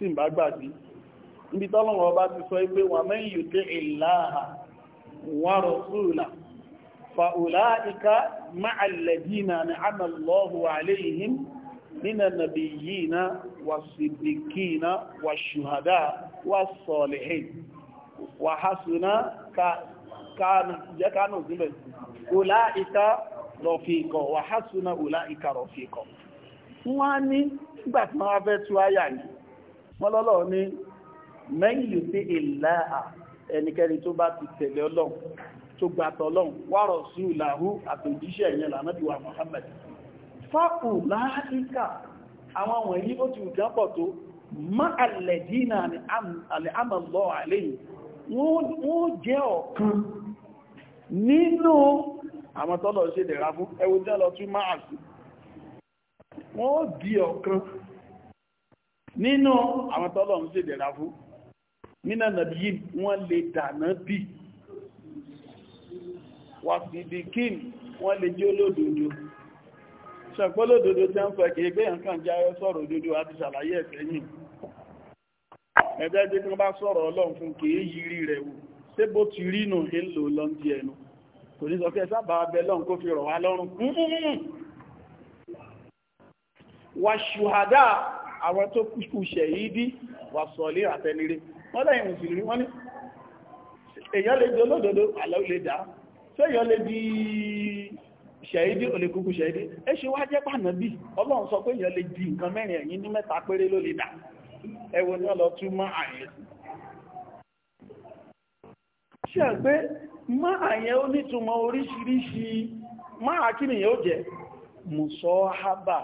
tí ń bá gbàgbé níbi tọ́lọ́wọ́ ọba ti sọ pé wà mẹ́yìn yóò tẹ́ ìlàáhà wà rọ̀súùlà fàúlà ìka máàlẹ̀dínà ní àmàlọ́hù àléhìn nínà nàbìyìnà wà sídìkìnà wà ṣùhàdá wà sọ̀lẹ̀hìn wà hásùnà kánù sílẹ̀ ọlá rọ̀fíkọ̀ wà hásùnà ọlá rọ̀fíkọ̀ wọ́n lọ́lọ́ ní mẹ́yìn yìí sí ìlà ẹnikẹ́ni tó bá ti tẹ̀lé ọlọ́run tó gbà tọ́lọ́run wárọ̀ sí ìlàhú àtòjíṣẹ́ ìyẹn lànàbí wa Muhammad fáàkù láàríkà àwọn wọ̀nyí ó ti ìjápọ̀ tó má àlẹ̀dínà àmàlọ́ àléyìn wọ́n jẹ́ ọ̀kan nínú àwọn tọ́lọ̀ ṣe dẹ̀ra fún ẹwùjẹ́ lọ tún máa nínú àwọn tọ́lọ̀ ń ṣe dẹ̀ra fún nínú nàbí yìí wọ́n lè dànà bí wàsìdìkín wọ́n lè jẹ́ olódodo ṣàpọ̀ olódodo tẹ́ ń fẹ́ kìí pé nǹkan jáyọ́ sọ̀rọ̀ òdodo àti ṣàlàyé ẹ̀fẹ́ yìí ẹgbẹ́ tí wọ́n bá sọ̀rọ̀ ọlọ́run fún kìí yìí rẹ̀ wò ṣé bó ti rí nù ń lò lọ́ndí ẹnu kò ní sọ pé sábà abẹ lọ́run kó fi rọ̀ wá lọ́rùn wàṣùhádà àwọn tó kú ṣẹ̀yídí wà sọ̀lé àtẹnire wọ́n lẹ́yìn mùsùlùmí wọ́n ní èyàn lè jẹ́ olódodo àlọ́ lè dá tó èyàn lè di ṣẹ̀yídí olè kúkú ṣẹ̀yídí ẹ ṣe wá jẹ́ pànàbí ọlọ́run sọ pé èyàn lè di nǹkan mẹ́rin ẹ̀yìn ní mẹ́ta péré ló lè dá ẹwọ ni ọlọ tún mọ́ àyẹ̀ ṣe pé mọ àyẹ̀ ó nítumọ̀ oríṣiríṣi máa kí nìyẹn ó jẹ́ mùsọ́ hábà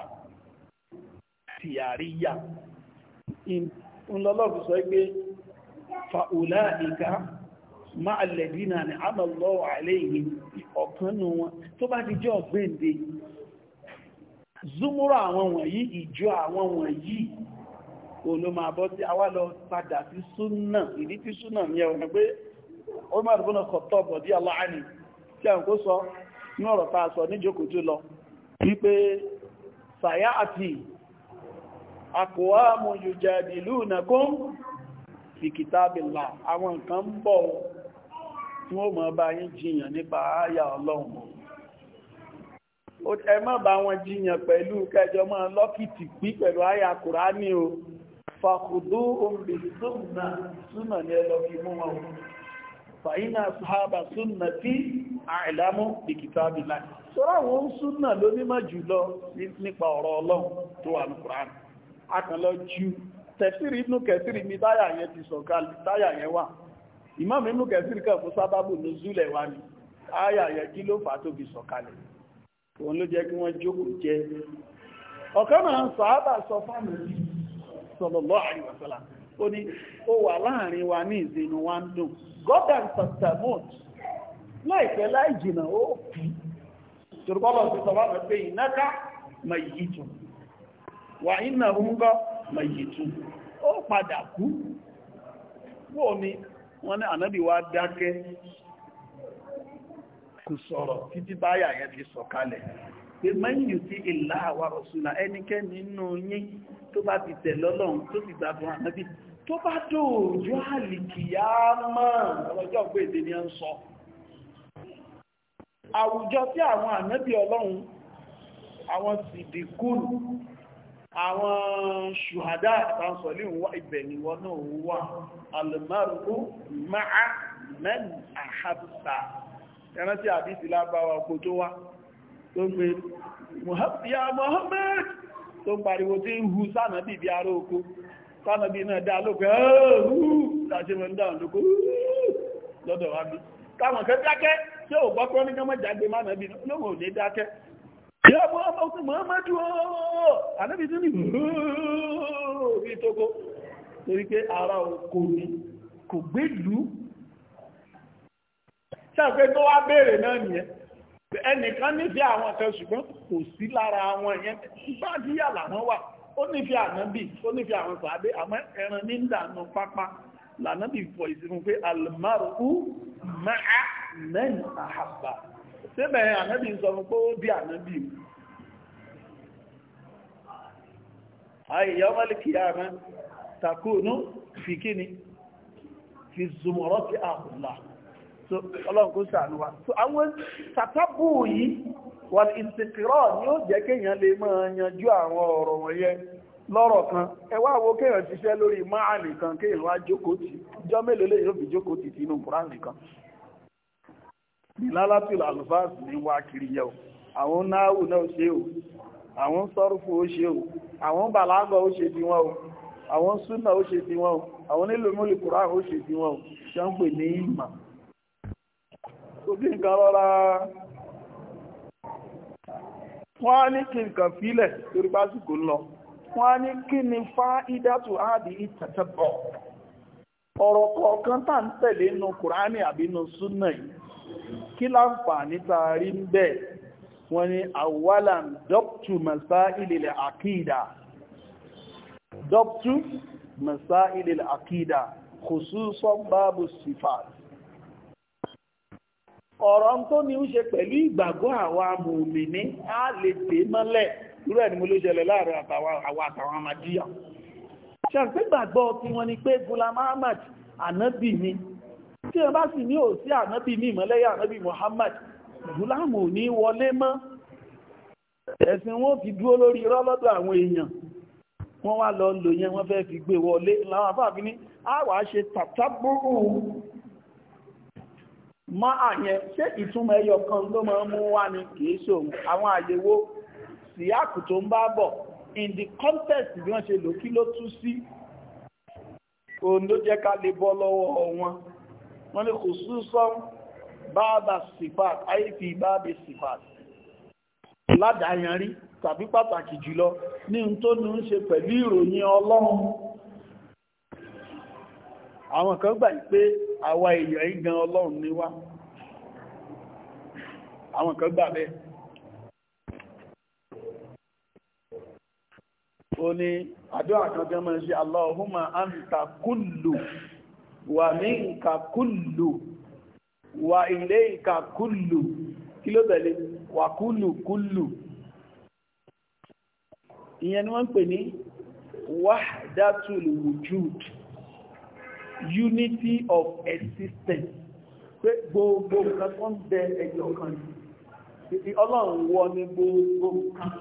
ìkhtiyariya ńlọ́lọ́fù sọ pé fa'ula ìka máa lẹ̀dínà ní àmàlọ́wọ̀ àlẹ́yìn ọ̀kanú wọn tó bá ti jọ gbẹ́ǹde zúmúrà àwọn wọ̀nyí ìjọ àwọn wọ̀nyí olú máa bọ́ tí a wá lọ padà sí súnà ìdí tí súnà ní ẹ̀wọ̀n pé ó máa rúgbọ́nà kọ̀tọ́ bọ̀dí aláàní akọ̀wàmù yujadilunakum fi kitabillah àwọn nǹkan ń bọ̀ tí wọ́n mọ̀ bá yín jiyàn nípa àyà ọlọ́run ẹ má bá wọn jiyàn pẹ̀lú kẹjọ mọ́ lọ́kìtì pí pẹ̀lú àyà kùránì o fàkùdú um súnà ní ẹlọ́kì kitabillah àwọn ma akànlọ ju tẹ̀sírì inú kẹsírì ní táyà yẹn ti sọ̀kalẹ̀ táyà yẹn wà ìmáàmù inú kẹsírì kan fún sábàbù ní zúlẹ̀ wà ní táyà yẹn kí ló fà á tó fi sọ̀kalẹ̀ òun ló jẹ́ kí wọ́n jókòó jẹ́ ọ̀kan náà sàábà sọ fáàmù sallallahu alaihi ó ní ó wà láàrin wa ní ìsinmi wa ń dùn god and pastor mott láìpẹ́ láì jìnnà ó fi tòrúkọ́ lọ sí sọ wá pé ìnáká mà yìí tún wà iná oúnkọ́ mẹ̀yìtù ó padà kú wó ni wọ́n ni ànábì wá dákẹ́ kò sọ̀rọ̀ títí báyà yẹn fi sọ̀kalẹ̀ pé mẹ́yìn tí ìlà àwà rọ̀sùlà enike nínú yín tó bá ti tẹ̀ lọ́lọ́run tó ti gbàgbọ́ ànábì tó bá dòòjú àlìkìyà mọ́ ni àwùjọ tí àwọn ànábì ọlọ́run àwọn sì àwọn ṣùhádá àtàǹsọ̀ ní ìwà ibẹ̀ ni wọ́n náà wà alìmọ́rùkú máa mẹ́rin àhábùsà ẹrántí àdísì lábáwà ọkọ̀ tó wá tó ń pè ya Muhammad tó ń pariwo tí ń hu sánàbí bí ara oko sánàbí náà dá lókè ọ́ọ̀rù ìyá àwọn ọmọ ọdún mọ́mọ́dú ooo ànábì tún ní ooo rí torí pé ara oko ni kò gbélú ṣàfẹ́ tó wá béèrè náà nìyẹn ẹnìkan nífẹ̀ẹ́ àwọn kan ṣùgbọ́n kò sí lára àwọn yẹn bá díyà làwọn wà ó nífẹ̀ẹ́ ànábì ó nífẹ̀ẹ́ àwọn pàdé àmọ́ ẹran ní ìdànù pápá lànábì fọ ìsinmi pé almaru ma'a man ahabba síbẹ̀ ànábì sọ fún pé ó bí ànábì àìyà ọmọlìkì àmà takúnú fi kíni fi zùmọ̀rọ̀ sí àkùnlá so ọlọ́run kó ṣàánú àwọn yìí ó jẹ́ kéèyàn lè máa yanjú àwọn ọ̀rọ̀ lọ́rọ̀ kan ẹwà wo lórí máà nìkan kéèyàn wá jókòó ìlálátìlà alùfáàsì ní wá kiri yẹ o àwọn náàwù náà ṣe o àwọn sọ́rùfù ó ṣe o àwọn bàlágọ́ ó ṣe ti wọn o àwọn súnà ó ṣe ti wọn o àwọn nílùmọ́lì kùrá ó ṣe ti wọn o ṣe ń pè ní ìmọ̀ wọ́n á ní kí nǹkan fílẹ̀ torí pásìkò ń lọ wọ́n á ní kí ni fá ìdátù áàdì ìtẹ̀tẹ̀bọ̀ ọ̀rọ̀ kọ̀ọ̀kan tá ń tẹ̀lé nínú kùránì àbínú súnà yìí kí láǹfààní tààrí ń bẹ̀ wọ́n ni awalan dọ́ptù masá ilẹ̀ àkídà dọ́ptù masá ilẹ̀ àkídà khususan báàbù sifat ọ̀rọ̀ tó ní ń ṣe pẹ̀lú ìgbàgbọ́ àwa mùmìní á lè tè mọ́lẹ̀ irú ẹni mo ló ṣẹlẹ̀ láàrin àtàwọn àtàwọn amadíyà ṣàǹpé tí wọ́n ni pé gulam ahmad ni tí ẹ bá sì ní ò sí ànábì ní ìmọ̀lẹ́yà ànábì Muhammad gùlámù ní wọlé mọ́ ẹ̀sìn wọn fi dúró lórí irọ́ lọ́dọ̀ àwọn èèyàn wọ́n wá lọ lò yẹn wọ́n fẹ́ fi gbé wọlé láwọn afáàfin ní àwà ṣe tàtàbùrù mọ́ àyẹn ṣé ìtumọ̀ ẹyọ kan ló máa mú wá ní kìí ṣòun àwọn àyẹ̀wò síyáàkù tó ń bá bọ̀ in the context bí wọ́n ṣe lò kí ló tú sí òun ló jẹ́ ká lè bọ́ lọ́wọ́ wọn wọ́n ní khususan báàbà sifat ayp báàbà sifat ládàáyanrí tàbí pàtàkì jùlọ ní n tó ní ń ṣe pẹ̀lú ìròyìn ọlọ́run àwọn kan gbà pé àwa èèyàn igan ọlọ́run ni wá àwọn kan gbà bẹ́ẹ̀ ó ní àdúrà kan mọ́ sí Allahumma anta kullu wà minka kullu wà ilayka kullu kí ló tẹ̀lé wà kullu kullu ìyẹn ni wọ́n pè ní wahdatul wujud unity of existence pé gbogbo nǹkan tó ń bẹ ẹ̀yọ̀ kan ní ọlọ́run wọ ní gbogbo nǹkan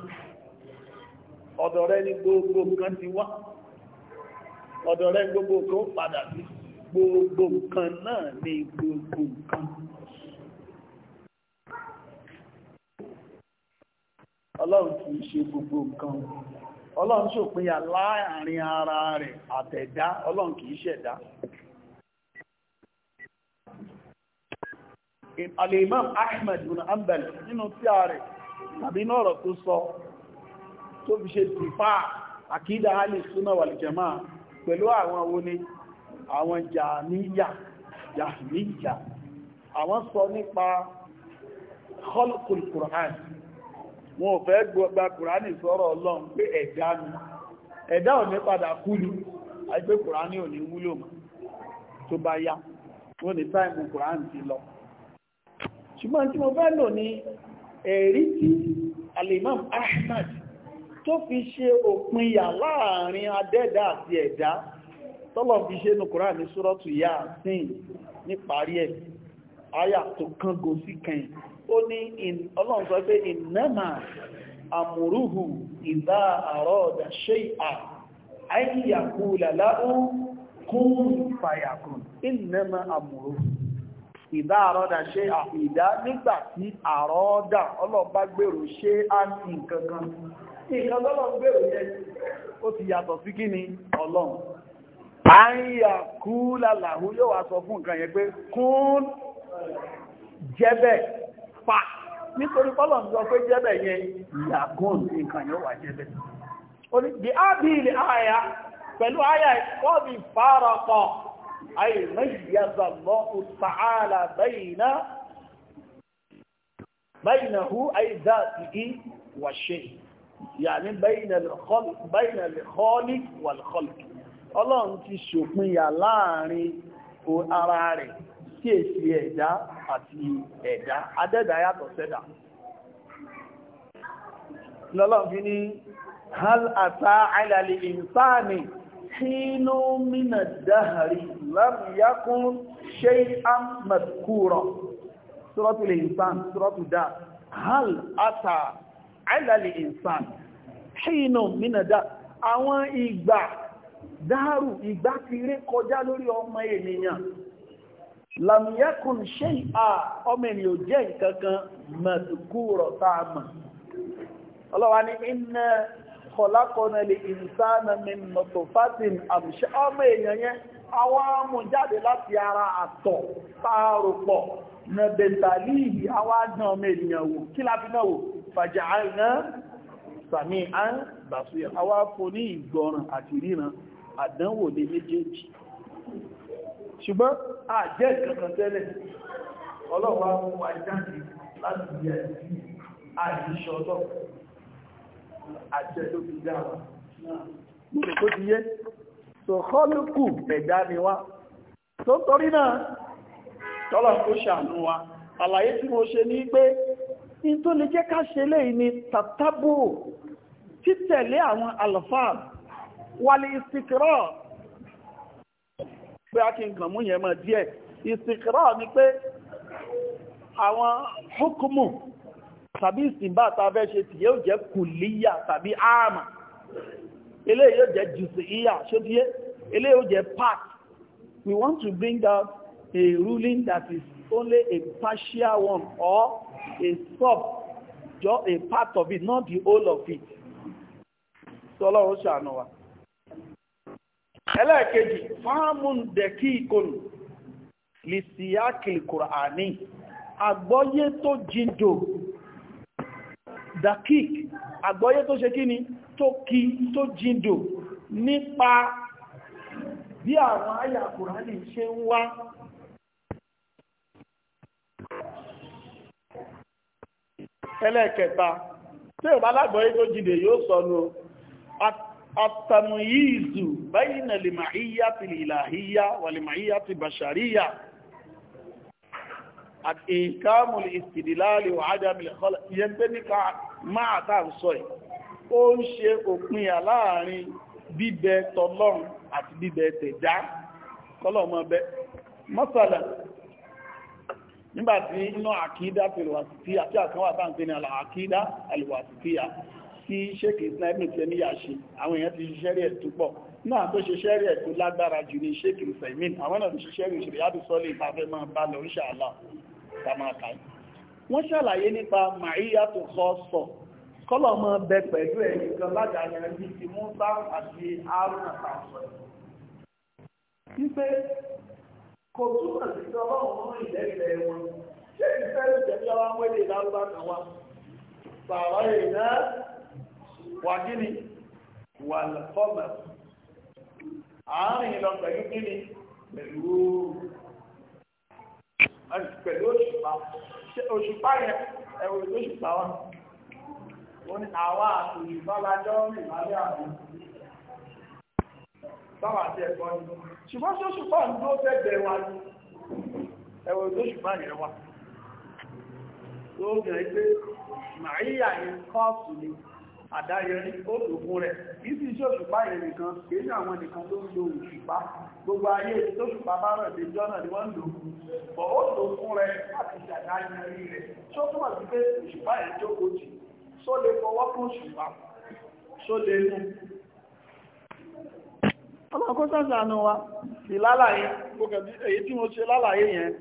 ọ̀dọ̀ rẹ ní gbogbo nǹkan ti wá ọ̀dọ̀ rẹ gbogbo nǹkan padà sí gbogbo náà ni gbogbo ọlọ́run kì í ṣe gbogbo nǹkan ọlọ́run ṣòpinya ara rẹ̀ àtẹ̀dá ọlọ́run kì í ṣẹ̀dá imam Ahmad bin nínú tí a rẹ̀ tàbí tó sọ tó fi ṣe tìfà àkídà alìsúnà wal àwọn jàmíyà jàmíyà àwọn sọ nípa khalqul Qur'an wọn ò fẹ́ gba Qur'ani sọ́rọ̀ Ọlọ́run pé ẹ̀dá ni ẹ̀dá ò ní padà kú ní àìpé Qur'ani ò ní wúlò tó bá yá wọ́n táìmù ti lọ ṣùgbọ́n tí mo fẹ́ lò ní ẹ̀rí alimam Ahmad tó fi ṣe láàrin adẹ́dà àti ẹ̀dá tọ́lọ̀ fi ṣe ní kùrá ní ṣúrọ́tù Yásìn níparí ẹ̀ ayà tó kángo sí kẹ́yìn ó ní ọlọ́run sọ pé ìnáma àmúrúhù ìdá àrọ́ọ̀dà ṣe à àìyàkú làláú kún fàyàkùn ìnáma àmúrúhù ìdá ṣe àìdá nígbàtí àrọ́dà gbèrò ṣe ó ti yàtọ̀ sí kí ni ọlọ́run a ń yà kú lálàáhù yóò wá sọ fún nǹkan yẹn pé kún jẹ́bẹ̀ pa nítorí pọ́lọ̀ ń sọ pé jẹ́bẹ̀ yẹn ìyà kún nǹkan yóò wá jẹ́bẹ̀ di ábí ilẹ̀ àyà pẹ̀lú àyà ìkọ́bí fárapọ̀ ayé mẹ́yàzàlọ́ ta'ala bayna baynahu ay dhatihi wa shay yani bayna al-khalq bayna al ọlọ́run ti ṣòpinya láàrin ara rẹ̀ sí èsì ẹ̀dá àti ẹ̀dá adẹ́dà yàtọ̀ sẹ́dà lọ́lọ́run fi ní hal ata alali insani hínú mínà dáhàrí lam yakun shay'an madkura suratul insan suratul dá hal ata alali insani hínú mínà dá àwọn ìgbà dáàrù ìgbà ti ré kọjá lórí ọmọ ènìyàn làmìyẹ́kùn ṣe à ọmọ ènìyàn jẹ́ nǹkankan mẹ̀tùkúrọ̀ táàmà ọlọ́wà ní iná kọlákọ́nà lè ìrìnsáàmà mẹ́mọ̀ tó fásìn àmìṣẹ́ ọmọ èèyàn yẹn àwọn amú jáde láti ara àtọ̀ táàrùpọ̀ nẹ̀bẹ̀ntàlìhì àwọn àjọ ọmọ à ń bàṣúyà àwọn ní ìgbọràn àti ríran àdánwò ní méjèèjì ṣùgbọ́n àjẹ́ ìkankan tẹ́lẹ̀ ọlọ́pàá mú wa jáde láti yẹ àìṣọ́ ọlọ́pàá àjẹ́ ló fi dára lórí tó ti yé sọ̀kọ́lùkù ẹ̀dá ni wá tó torí náà tọ́lọ̀ kó ṣàánú wa àlàyé tí mo ṣe ní pé in tó lè jẹ́ ká ṣe léyìn ni tàtàbò títẹ̀lé àwọn àlọ́fáà wàlẹ̀ ìsìkìrọ̀ pé a kí n kàn mú yẹn mọ̀ díẹ̀ ìsìkìrọ̀ ni pé àwọn hukumu tàbí ìsìnbá tàbẹ́ ṣe tí yóò jẹ́ kùlíyà tàbí àmà ilé yóò jẹ́ jùsìíyà ṣókíyé ilé yóò jẹ́ part we want to bring out a ruling that is only a partial one or a sub just a part of it not the whole of it sọlọ́run ṣàánú wa ẹlẹ́ẹ̀kejì fáàmùndẹ̀kí ìkòlù lè sí ákìlì kùránì àgbọ́yé tó jíndò dakik àgbọ́yé tó ṣe kíni tó kí tó jíndò nípa bí àwọn àyà kùránì ṣe ń wá ẹlẹ́ẹ̀kẹta tí ò tó jíndè yóò sọnù àtàmùyíìzù bayna lèmàíyá ti ìlàhíyá wà lèmàíyá ti bàṣàríyà àti ìkàmù ìsìdìláàlì wà ádámi lẹ́kọ́lá yẹn pé nípa máa tàà ń sọ ẹ̀ ó ń ṣe òpinya láàrin bíbẹ tọlọ́run àti bíbẹ tẹ̀dá kọlọ̀mọ́ bẹ mọ́sàlẹ̀ nígbàtí inú àkídá pẹ̀lú àsìtíyà tí àkánwà bá ń pè ní àkídá àlùwàsìtíyà tí sheik islam ibn tẹ́míyà ṣe àwọn èèyàn ti ṣiṣẹ́ rí ẹ̀ tó pọ̀ náà tó ṣiṣẹ́ rí ẹ̀ tó lágbára jù ní sheik isaimin àwọn náà ti ṣiṣẹ́ rí ìṣẹ̀lẹ̀ yàtọ̀ sọ́lé ìpàfẹ́ máa bá lọ inshallah tàmákà wọ́n ṣàlàyé nípa màíyàtò kọ́sọ̀ kọ́lọ̀ mọ́ bẹ pẹ̀lú ẹ̀yìnkan lágbàáyà ní ti mú bá àti àrùn àtàwọn wípé kò túmọ̀ sí ọlọ́run mọ́ ìlẹ́gbẹ̀ẹ́ wọn ṣé ìfẹ́ ìjẹ́bí ọwọ́ wẹ́lẹ̀ lárúbá kan wá bàbá ìná wà gíní wà fọ́mẹ̀ àárín lọ pẹ̀lú gíní pẹ̀lú pẹ̀lú òṣùpá òṣùpá yẹn ẹ̀wọ̀ òṣùpá wà wọ́n ni àwa àti òṣùpá lájọ́ rìn lálẹ́ àwọn báwa àti ẹ̀kọ́ ni ṣùgbọ́n tí òṣùpá ń dúró fẹ́ bẹ̀rẹ̀ wa ni ẹ̀wọ̀ òṣùpá yẹn wà lóògùn ẹgbẹ́ màáyà yẹn kọ́ọ̀tù ni àdáyẹrí òdògùn rẹ̀ ìsìn iṣẹ́ òṣùpá yẹn nìkan kìí ní àwọn nìkan ló ń lo òṣùpá gbogbo ayé tó ṣùpá bá rẹ̀ dé jọ́nà ni wọ́n ń lò bọ̀ òdògùn rẹ̀ láti ṣàdáyẹrí rẹ̀ tó túmọ̀ sí pé òṣùpá yẹn jókòó jì só lè fọwọ́ fún òṣùpá só lè mú ọlọ́kọ́ sàṣàánú wa ti lálàyé èyí tí mo ṣe lálàyé yẹn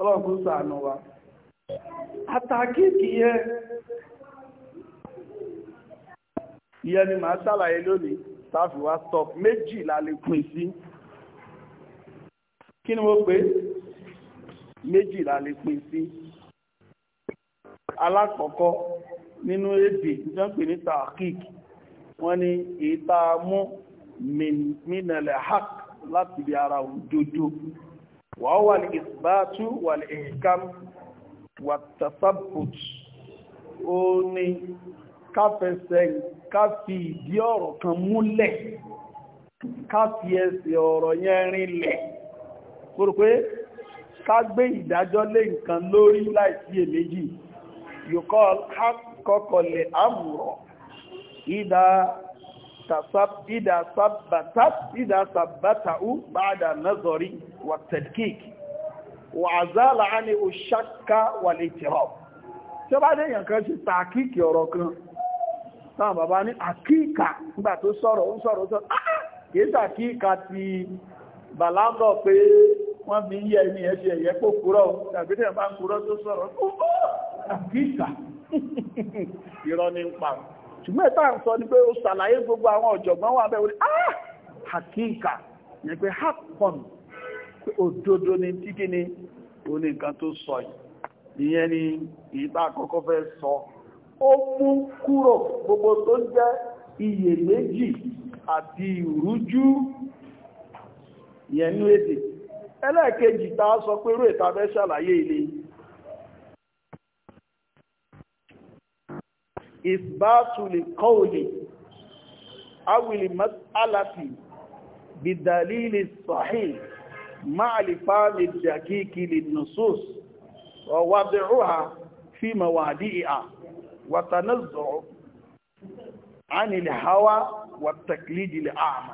ọlọ́run kó wa àtàkìkì yẹ ìyẹn ni màá ṣàlàyé lónìí táàfì wá stop méjì la lè pín sí kí ni mo pè méjì la lè pín sí alákọ̀ọ́kọ́ nínú èdè ìjọ́pè ní tàkìkì wọ́n ní ìta mìnàlẹ̀ hak láti bí ara òdodo وهو الإثبات والإحكام والتثبت ó ní káfẹsẹ̀ káfí ìdí ọ̀rọ̀ kan múlẹ̀ káfí ẹsẹ̀ ọ̀rọ̀ yẹn rinlẹ̀ kúrò pé ká gbé ìdájọ́ lé nǹkan lórí láìsí èméjì yóò kọ́ ida ثبتت إذا ثبته بعد النظر والتدقيق وعزال عنه الشك والاعتراف ṣe bá dé yànkan ṣe tàkíkì ọ̀rọ̀ kan táwọn bàbá ní àkíkà nígbà tó sọ̀rọ̀ ń sọ̀rọ̀ sọ̀rọ̀ ah, ah, kìí tàkíkà ti bàlágọ̀ pé wọ́n fi yẹ ní bi ẹ̀yẹ pò e tàbí tẹ̀ bá ń kúrọ̀ [laughs] ṣùgbọ́n ìta ń ni pé ó ṣàlàyé gbogbo àwọn ọ̀jọ̀gbọ́n wà bẹ́ẹ̀ wọlé ah hakika ni pé hapon pé ni títí ni ó ní nǹkan tó sọ yìí ìyẹn ni ìta àkọ́kọ́ fẹ́ sọ ó mú kúrò gbogbo tó ń jẹ́ iyèméjì àti ìrújú ìyẹn ní èdè ẹlẹ́ẹ̀kejì tá a sọ pé ìta fẹ́ إثبات لقول أو المسألة بالدليل الصحيح مع الفهم الدقيق للنصوص ووضعها في مواضعها وتنزع عن الهوى والتقليد الأعمى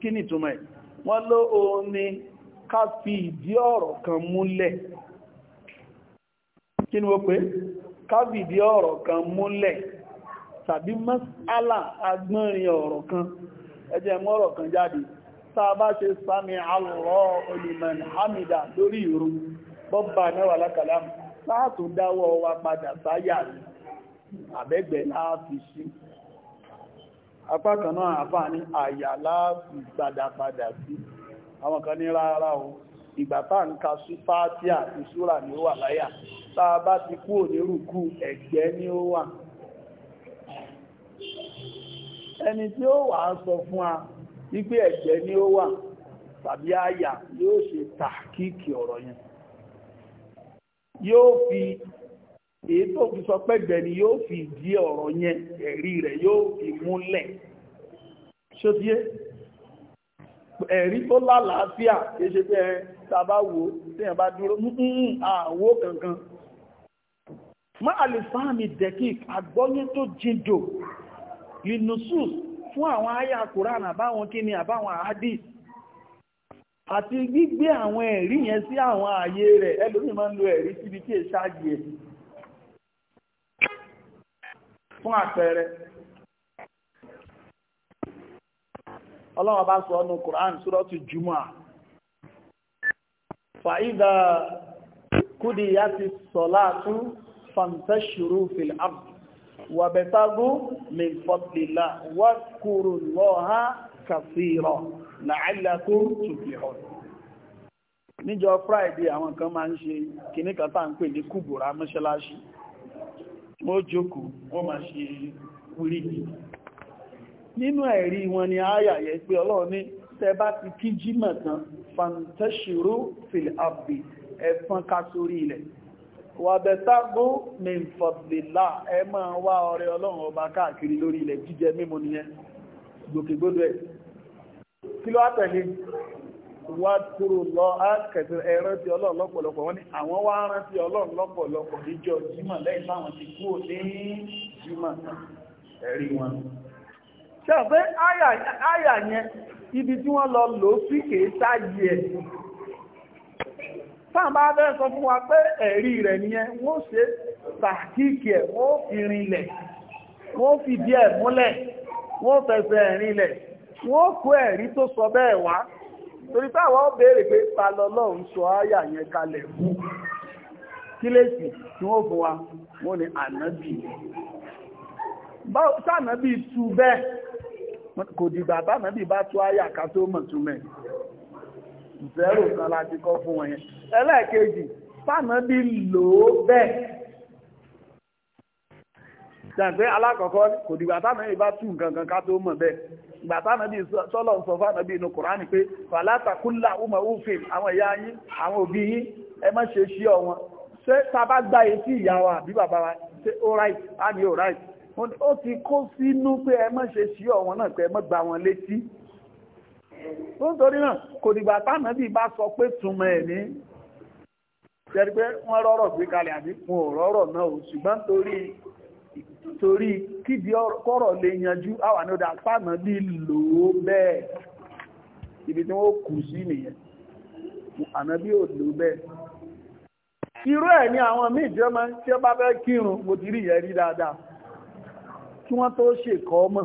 kí ni túnmọ̀ ẹ̀ wọ́n ló òun ni ká fi ìdí ọ̀rọ̀ kan múlẹ̀ kí ni wọ́n pé kábìdí ọ̀rọ̀ kan múlẹ̀ tàbí mọ́sálà agbọ́nrin ọ̀rọ̀ kan ẹ jẹ́ kan jáde tá ṣe sami hamida lórí ìrun bọ́bà mẹ́wàá lákàlámù láàtò dáwọ́ wa padà sáyà àbẹ́gbẹ̀ náà àyà láàfi o tá ń ka sí tàà bá ti kú onírùkú ẹ̀gbẹ́ ni ó wà ẹni tí ó wà sọ fún a wípé ẹ̀gbẹ́ ni ó wà tàbí àyà yóò ṣe tàkíkì ọ̀rọ̀ yẹn yóò fi èyí tó fi sọ pẹ́gbẹ̀ ni yóò fi dí ọ̀rọ̀ yẹn ẹ̀rí rẹ̀ yóò fi múlẹ̀ ṣótíé ẹ̀rí tó lálàáfíà kéṣe pé tàbá wo tí ẹ bá dúró àwó kankan ma alifahami dekik àgbọ́yé tó jíndò linusus fún àwọn àyà Koran àbáwọn kíni àbáwọn hadith Ati gbigbe àwọn eri yẹn sí aye ààyè rẹ̀ ẹlòmí máa ń lo ẹ̀rí síbi tí èṣáàjì ẹ̀ fún àpẹẹrẹ ọlọ́wọ́ bá sọ ọ́nà Qur'an Suratu Jumu'a fa'ida kúdìyà ti sọ̀lá tún فانتشروا في الأرض وابتغوا من فضل الله واذكروا الله كثيرا لعلكم تفلحون níjọ́ friday àwọn kan máa ń ṣe kìíní kan tá ń pè ní kúbùrà mọ́ṣáláṣí wọ́n jókòó wọ́n máa ṣe wírídì nínú ẹ̀rí wọn ni ayàyẹ pé ọlọ́run ní tẹbá ti kí jímọ̀ fantashiru fil abdi ẹ̀fọn ká sórí ilẹ̀ wàbẹ̀tágún mìfọ̀dìlá ẹ máa wá ọrẹ ọlọ́run ọba káàkiri lórí ilẹ̀ jíjẹ mímu nìyẹn gbòkègbodò ẹ̀ kí ló àtẹ̀lé wá kúrò lọ ákẹ̀tẹ̀ ẹ̀rẹ́ ti ọlọ́run lọ́pọ̀lọpọ̀ wọ́n ní àwọn wá rántí ọlọ́run lọ́pọ̀lọpọ̀ níjọ jímọ̀ lẹ́yìn láwọn ti kúrò ní jímọ̀ ẹ̀rí wọn ṣe àfẹ́ áyà yẹn ibi tí wọ́n lọ lò sí kèé sáyé ẹ̀ táà bá bẹ́ sọ fún wa pé ẹ̀rí rẹ̀ nìyẹn wọ́n ṣe tàkíkì ẹ̀ wọ́n fi rinlẹ̀ wọ́n fi díẹ̀ múlẹ̀ wọ́n fẹsẹ̀ rinlẹ̀ wọ́n kó ẹ̀rí tó sọ bẹ́ẹ̀ wá torí táwọn ó béèrè pé ta lọ́lọ́run sọ áyà yẹn kalẹ̀ fún kílèsì tí wọ́n fún wa wọ́n ní ànábì sáànábì tú bẹ́ẹ̀ kò dìgbà táànábì bá tú áyà ká tó mọ̀ túmẹ̀ ìfẹ́rò kan láti kọ́ fún wọn yẹn ẹlẹ́ẹ̀kejì sáàmọ́bí lò ó bẹ́ẹ̀ jàǹpé alákọ̀ọ́kọ́ kò dìgbà táwọn èèyàn bá tún nǹkan kan ká tó mọ̀ bẹ́ẹ̀ ìgbà táwọn bí sọ́lọ̀ ń sọ fáwọn bí inú kùránì pé fàlátàkúnlà ọmọ òfin àwọn ìyá yín àwọn òbí yín ẹ má ṣe sí ọ wọn ṣé tá a bá gba etí ìyá wa àbí bàbá wa ṣe ó ráìt á ní ó ráìt ó ti kó sínú pé ẹ má ṣe sí ọ wọn náà pé ẹ má gba wọn létí tó ń torí náà kò dìgbà táwọn bí bá sọ pé túnmọ̀ ẹ̀ ní ṣẹ́rí pé wọ́n rọ́rọ̀ gbé kalẹ̀ àbí fún ọ̀rọ̀ náà ò ṣùgbọ́n torí torí kídi kọ́rọ̀ lè yanjú àwọn ní ọdá táwọn bí lò ó bẹ́ẹ̀ ibi tí wọ́n kù sí nìyẹn ànábí ò lò bẹ́ẹ̀ irú ẹ̀ ni àwọn míì tí wọ́n bá fẹ́ kírun mo ti rí ìyẹn rí dáadáa kí wọ́n tó ṣèkọ́ mọ̀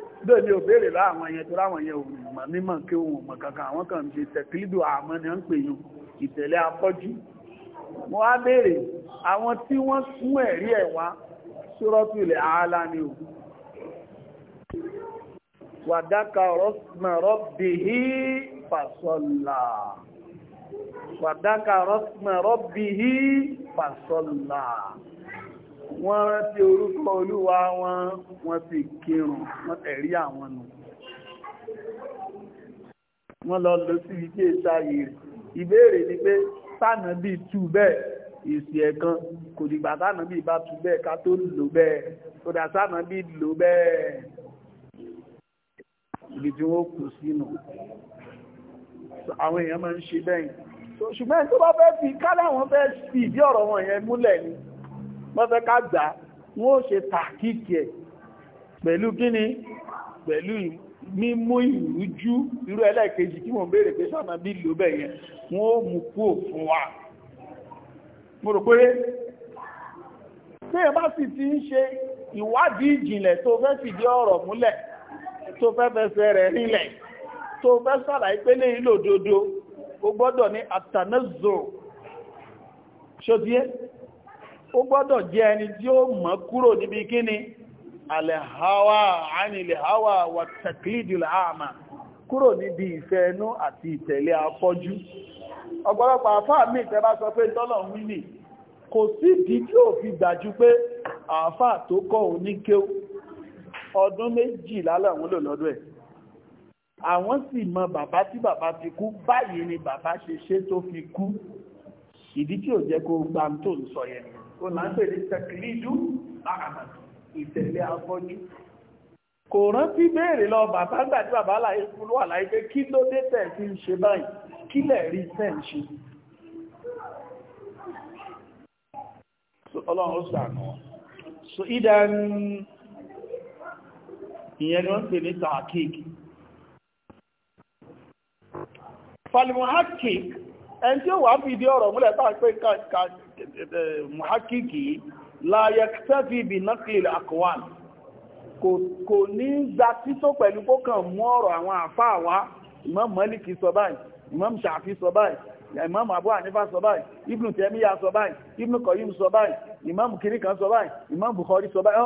bẹ́ẹ̀ ni ò béèrè láwọn yẹn tó láwọn yẹn òun mọ̀ mímọ̀ kí òun mọ̀ kankan àwọn kan ṣe tẹ̀kílìdò àmọ́ ni wọ́n pè yàn ìtẹ̀lé afọ́jú wọ́n á béèrè àwọn tí wọ́n sún ẹ̀rí ẹ̀ wá sórọ́tù ilẹ̀ àálá ni ò wàdákà rọ́smọ̀rọ́ bìhí fàṣọ́là wàdákà rọ́smọ̀rọ́ bìhí fàṣọ́là wọ́n rántí orúkọ olúwa wọn wọ́n sì kírun wọ́n tẹ̀rí àwọn nù wọ́n lọ lọ sí ilé ìsáyè rẹ̀ ìbéèrè ni pé tánà bíi tú bẹ́ẹ̀ èsì ẹ̀kan kò dìgbà tánà bíi bá tú bẹ́ẹ̀ ká tó lò bẹ́ẹ̀ kódà tánà bíi lò bẹ́ẹ̀ ibi tí wọ́n kù sínú àwọn èèyàn máa ń ṣe bẹ́yìn ṣùgbọ́n tó bá fẹ́ fi kálá wọn fẹ́ fi ìdí ọ̀rọ̀ wọn yẹn múlẹ̀ ni wọ́n fẹ́ ká gbà wọ́n ó ṣe tàkìkì ẹ̀ pẹ̀lú kíni pẹ̀lú mímú ìrújú irú ẹlẹ́ẹ̀kejì tí mo béèrè pé sọ́nà bí lò bẹ̀ yẹn wọ́n ó mú kú òfin wa mo rò pé tí ẹ bá sì ti ń ṣe ìwádìí ìjìnlẹ̀ tó fẹ́ fìdí ọ̀rọ̀ múlẹ̀ tó fẹ́ fẹsẹ̀ rẹ̀ rinlẹ̀ tó fẹ́ sàlàyé pé ní ìlòdodo ó gbọ́dọ̀ ní àtànẹ́zò ṣòdíé ó gbọ́dọ̀ jẹ́ ẹni tí ó mọ́ kúrò níbi kíni alẹ̀háwà ánilẹ̀háwà wà tẹ̀klídìlà àmà kúrò níbi ìfẹ́ ẹnú àti ìtẹ̀lé afọ́jú ọ̀pọ̀lọpọ̀ àfáà mi ìtẹ́ bá sọ pé tọ́lọ̀ ń wí nì kò sí ìdí tí ò fi gbàjú pé àfáà tó kọ́ oníkéw ọdún méjìlá làwọn lò lọ́dọ̀ ẹ̀ àwọn sì mọ bàbá tí bàbá ti kú báyìí ni bàbá ṣe ṣe tó fi kú ìdí tí ò jẹ́ kó gbà tó ń sọ yẹn nìyẹn láńpẹ̀ ní tẹ̀kìlídú àmà ìtẹ̀lé afọ́jú kò rántí béèrè lọ bàbá gbà tí bàbá láyé fún wà láyé pé kí ló dé tẹ̀ fi ń ṣe báyìí kí lẹ̀ rí tẹ̀ ń ṣe ọlọ́run ó sàánà so idan ìyẹn ló ń pè ní tààkìkì falimu hakik ẹni tí ó wà fìdí ọ̀rọ̀ múlẹ̀ tàà pé kàkàkì muhakiki láyẹ̀kẹ́fì bí náklil akwan kò ní gba tító pẹ̀lú kó kàn mú ọ̀rọ̀ àwọn àfáà wá Imam Maliki sọ báyìí Imam Shafi sọ báyìí Imam Abu Anifa sọ báyìí Ibn Taymiyyah sọ báyìí Ibn Qayyim sọ báyìí Imam kirikan sọ báyìí Imam Bukhari sọ báyìí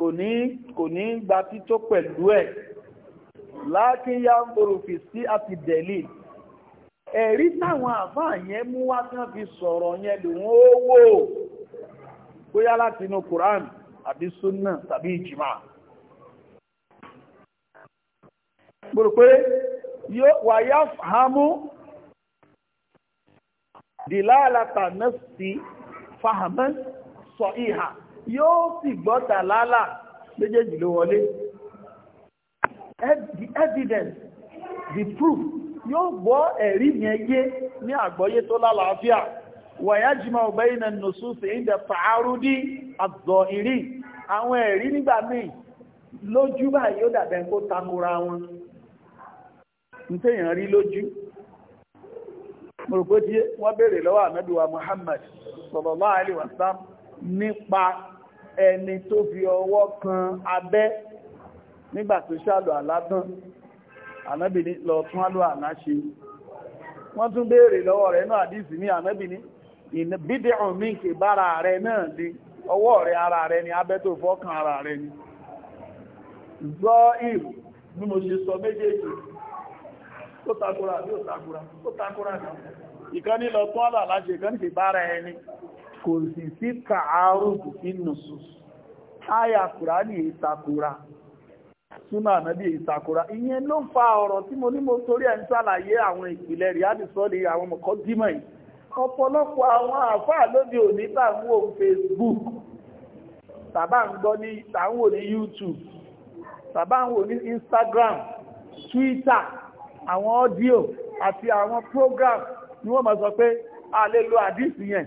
kò ní kò ní gba tító pẹ̀lú ẹ̀ lákínyà ń borò fi sí àti dẹ̀lì ẹ̀rí táwọn àfáà yẹn mú wá tán fi sọ̀rọ̀ yẹn lòun ó wò bóyá láti inú Quran àbí súnà tàbí ìjìmá gbòrò pé wàyá fàámú dìláàlàtà nafsi fàhámẹ́ sọ ìhà yóò sì gbọ́ta lálà méjèèjì ló wọlé evidence the proof yóò gbọ́ ẹ̀rí yẹn yé ní àgbọ́yé tó lálàáfíà wàyájímọ̀ ọ̀bẹ́yìnà nùsùsì ìdẹ̀ fàárúdí àzọ̀ ìrí àwọn ẹ̀rí nígbà míì lójú báyìí ó dàbẹ̀ kó takora wọn ní tèèyàn rí lójú mọ̀rùpé tí wọ́n béèrè lọ́wọ́ àmẹ́dùwà Muhammad sallallahu alaihi wasallam nípa ẹni tó fi ọwọ́ kan abẹ́ nígbà tó ṣàlọ̀ àlátán ànábì lọ tún àlọ́ àná ṣe wọ́n tún béèrè lọ́wọ́ rẹ̀ náà àdísì ní ànábì ní bídẹ̀ ọ̀mínkì bára rẹ̀ náà di ọwọ́ rẹ̀ ara rẹ̀ ni abẹ́tò fọ́kàn ara rẹ̀ ni zọ́ ìrù bí mo ṣe sọ méjèèjì tó súnà ànábì ìtakora ìyẹn ló fa ọ̀rọ̀ tí mo ní mo torí ẹ̀ ń ṣàlàyé àwọn ìpìlẹ̀ rìádì sọ́ọ̀lì àwọn ọmọkọ́ dímọ̀ yìí ọ̀pọ̀lọpọ̀ àwọn àfáà lóde òní tá ń wò Facebook tàbá ń gbọ́ ní tá ń YouTube tàbá ń wò ní Instagram Twitter àwọn audio àti àwọn program ni wọ́n máa sọ pé a lè lo àdísì yẹn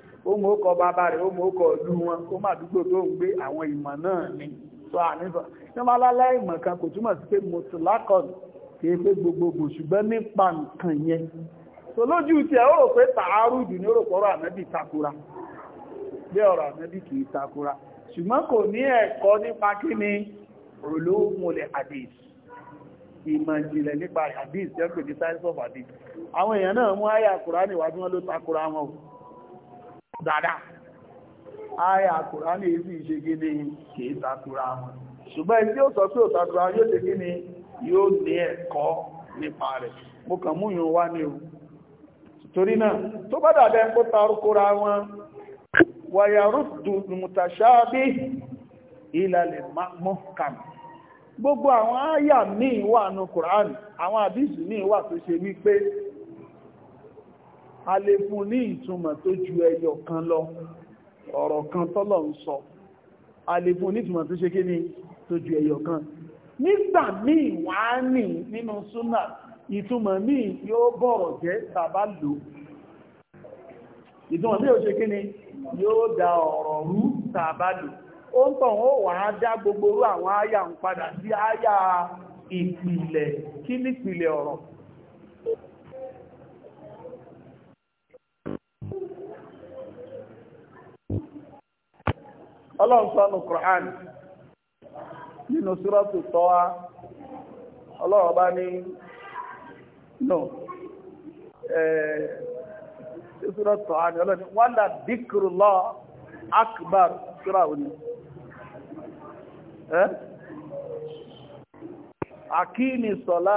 ó mú ọkọ̀ bàbá rẹ̀ ó mú ọkọ̀ ọdún wọn ó mà dúgbò tó ń gbé àwọn ìmọ̀ náà ni sọ àníbọ̀ tí wọ́n lálẹ́ ìmọ̀ kan kò túmọ̀ sí pé mọ̀tìlákọ̀n kìí pé gbogbogbò ṣùgbọ́n nípa nǹkan yẹn tó lójú tí ẹ ó rò pé tààrùdù ní ó rò pọ̀rọ̀ ànábì takura bí ọ̀rọ̀ ànábì kìí takura ṣùgbọ́n kò ní ẹ̀kọ́ nípa kí ni olóòmùlẹ̀ hadith ìmọ̀ ìjìnlẹ̀ nípa hadith jẹ́ pé ní science of hadith àwọn èèyàn náà mú àyà kùránì wá bí ló takura wọn dada àyà Kùránì èsì ìṣe gíní kìí takura wọn ṣùgbọ́n ẹni tí yóò ṣe gíní yóò ní ẹ̀kọ́ mụ rẹ̀ o torí náà tó bá dàbẹ́ kó tarukura wọn wàyàrúdù gbogbo àwọn wa àwọn tó ṣe wípé a lè fún ní ìtumọ̀ tó ju ẹyọ kan lọ ọ̀rọ̀ kan tọ́lọ̀ ń sọ a lè fún ní ìtumọ̀ tó ṣe kí ní tó ju ẹyọ kan nígbà míì nì nínú súnà ìtumọ̀ míì yóò bọ̀rọ̀ jẹ́ tàbá lò ìtumọ̀ míì da ọ̀rọ̀ rú lò ó ń gbogbo rú àwọn áyà ń padà sí áyà ìpìlẹ̀ ọlọ́run sọ́nù Qur'an nínú súrọ́tù tọ́wá ọlọ́run bá ní no súrọ́tù tọ́wá ní ọlọ́run wala dhikrullah akbar súrà òní akíni sọ̀lá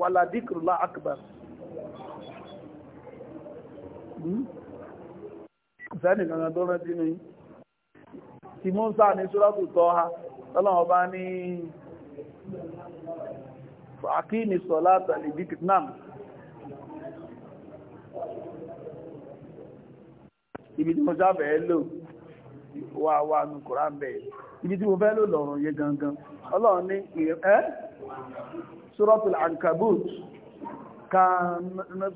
wala dhikrullah akbar hmm? sẹ́nì kankan tó rántí ní ti Mùsá ní ṣúrọ́tù Tọ́ha tọ́lọ́wọ́ bá ní àkíní sọ̀lá tàbí dìkìtnam ibi tí mo sáfẹ́ lò wà wà ní kòrán bẹ̀ẹ̀ ibi tí mo fẹ́ lò lọ́rùn yẹ gangan ọlọ́run ní ẹ́ ṣúrọ́tù Ankabut kan náà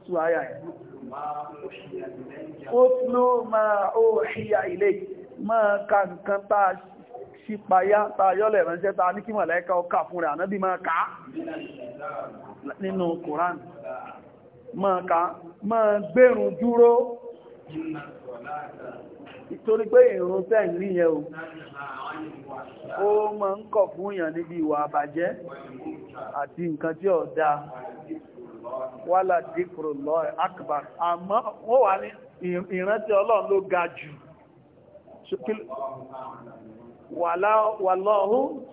mọ́ ka nǹkan tá a ṣí payá tá a yọ́lẹ̀ ránṣẹ́ tá a ní kí ọkà fún rẹ̀ ànábì máa ká nínú Koran mọ́ ká dúró pé o ó máa ń kọ̀ fún èèyàn níbi ìwà àbàjẹ́ àti nǹkan tí àmọ́ ga jù wàláhún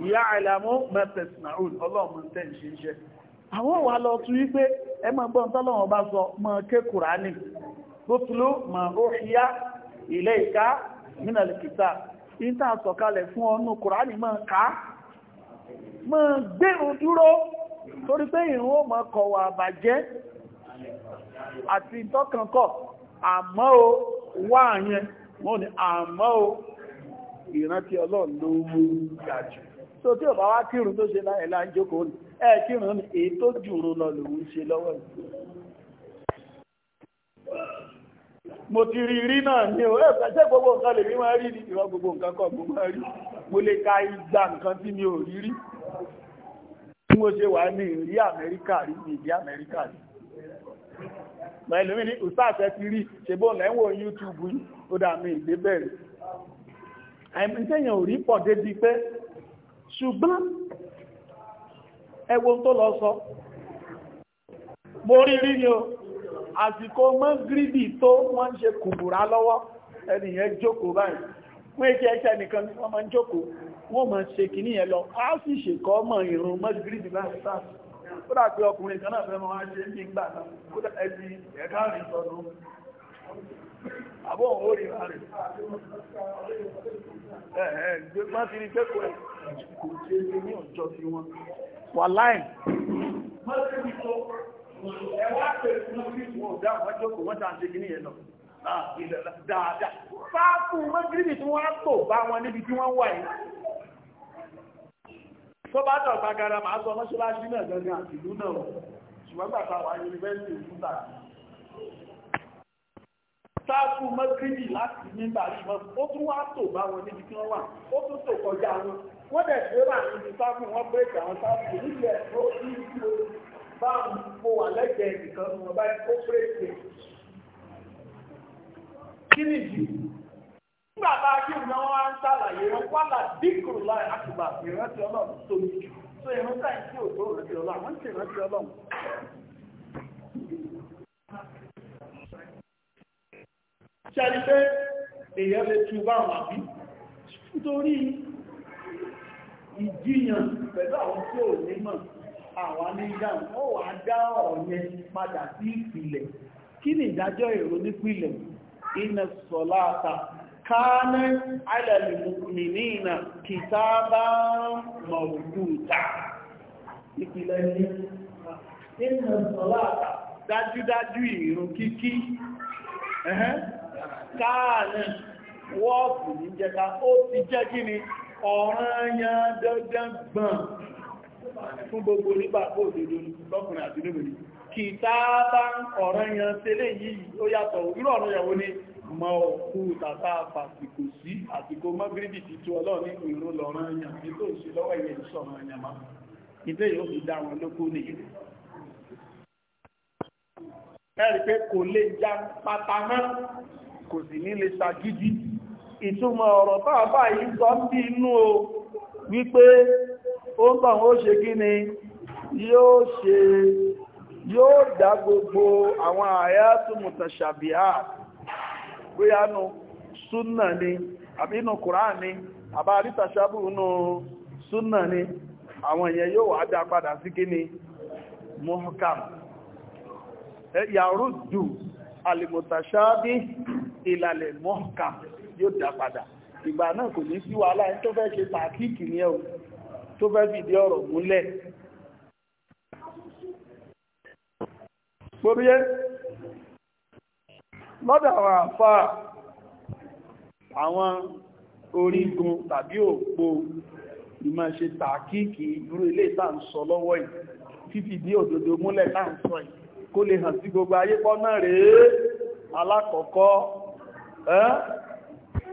ya'lamu ma tasna'un ọlọ́run tẹ́ ṣe iṣẹ́ àwọn wà lọ tún wípé ẹ máa gbọ́n tọ́lọ́wọ́n bá sọ mọ́ ké Kùránì tutlu ma uhiya ilayka minal kitab ìta sọ̀kalẹ̀ fún ọnú Kùránì wọ́n ni àmọ́ o ìrántí ọlọ́run ló mú gàjù so tí ò bá wá kírùn tó ṣe láyé láyé ní ẹ kírùn ní èyí tó jùrù lọ lòun ṣe lọ́wọ́ mo ti rí rí náà ní o ẹ̀fẹ́ gbogbo nǹkan lè rí máa rí ní ìwọ gbogbo nǹkan mo lè ka nǹkan mi ò rí rí mo ṣe wà ní ìrí mọ̀ ẹlòmí ní ìsáàfẹ́ ti rí ṣebó lẹ́wọ̀ YouTube yìí ó dà mí ìgbé bẹ̀rẹ̀ àìmìtẹ́yàn ò rí pọ̀ débi pé ṣùgbọ́n ẹwọ́n tó lọ sọ mo rí ni o àsìkò mọ́ gírídì tó wọ́n ń ṣe kùbùrá lọ́wọ́ ẹnìyàn jókòó báyìí wọ́n èkì ẹ̀ṣẹ́ nìkan wọ́n wọ́n mọ́ ó pé ọkùnrin kan náà fẹ́ wá ṣe ní ìgbà náà kó ẹbí ẹ̀ká rìn sọdún àbọ̀ ó rí ra ẹ̀ẹ́ gbé wọ́n ti rí kẹ́kọ̀ọ́ kò ṣe é ní ọjọ́ sí wọn wà láì ẹ̀wá pè fún kí ah, wọ́n á tò bá wọn níbi tí wọ́n tó bá tọ̀ gbagara máa sọ mọ́ṣáláṣí náà gangan àti ìlú náà ṣùgbọ́n gbàgbà wà yunifásitì òkúta sáàkù mọ́gírídì láti nígbà ṣùgbọ́n ó tún wá tò bá wọn níbi tí wọ́n wà ó tún tò kọjá wọn wọ́n dẹ̀ ṣe wà níbi sáàkù wọn bírèkì àwọn sáàkù níbi ẹ̀ tó ní ìlú báwọn mo wà lẹ́gbẹ̀ẹ́ nìkan wọn báyìí ó bírèkì kí nìyí nígbà tá a kí ìgbà wọn á ń ṣàlàyé wọn wàhálà dínkù láì àkùbà ìrántí ọlọ́run tó ní jù tó ìrántí àìsí òtó ìrántí ọlọ́run wọ́n ti ìrántí pé èèyàn lè tu àbí nítorí àwọn tí ò ní àwọn ó dá kánẹ́ alẹ́lùmìnà kìtàbà mọ̀rùdúta ìpìlẹ̀ ní nínú sọ́láàtà dájúdájú ìrun kíkí kánẹ́ wọ́ọ̀pù ní jẹta ó ti jẹ́ kí ni ọ̀ranyàn dandan gbọ̀n fún gbogbo nígbàgbò òdòdó lọ́kùnrin àti lóbìnrin kìtàbà ọ̀ranyàn tẹ́lẹ̀ yìí ó yàtọ̀ mọ òkú tàbá àfàsìkò sí àsìkò mọ́gírìbì ti tó ọlọ́ọ̀ní ìrún lọ́rọ̀ yàn ní tó ṣe lọ́wọ́ ìyẹn sọ̀rọ̀ yàn má ìdé yóò fi dá wọn lókó nìyẹn ẹ̀rí pé kò lè já pátá náà kò sì ní lè ṣàgídí ìtumọ̀ ọ̀rọ̀ tàbá yìí sọ bí inú o wípé ó ń tàn ó ṣe kí yóò ṣe yóò dá gbogbo àwọn àyátù mùtàṣàbíhà bóyá nù súnà ni àbí inú kùrán ni àbá àrítàṣábù nù súnà ni àwọn èèyàn yóò wà dá padà sí kí ni muhkam yàrú dù alìmọ̀tàṣábí ìlàlẹ̀ muhkam yóò dá padà ìgbà náà kò ní sí wàhálà ẹni tó fẹ́ ṣe tàkíkì ní ẹ̀wọ̀n tó fẹ́ fìdí ọ̀rọ̀ múlẹ̀ lọ́dọ̀ àwọn àfà àwọn orígun tàbí òpó ìmọ̀ ṣe tàkíkì irú ilé ìta ń sọ lọ́wọ́ yìí fífi dí òdodo múlẹ̀ náà ń sọ yìí kó lè hàn sí gbogbo ayé pọ́nà rèé alákọ̀ọ́kọ́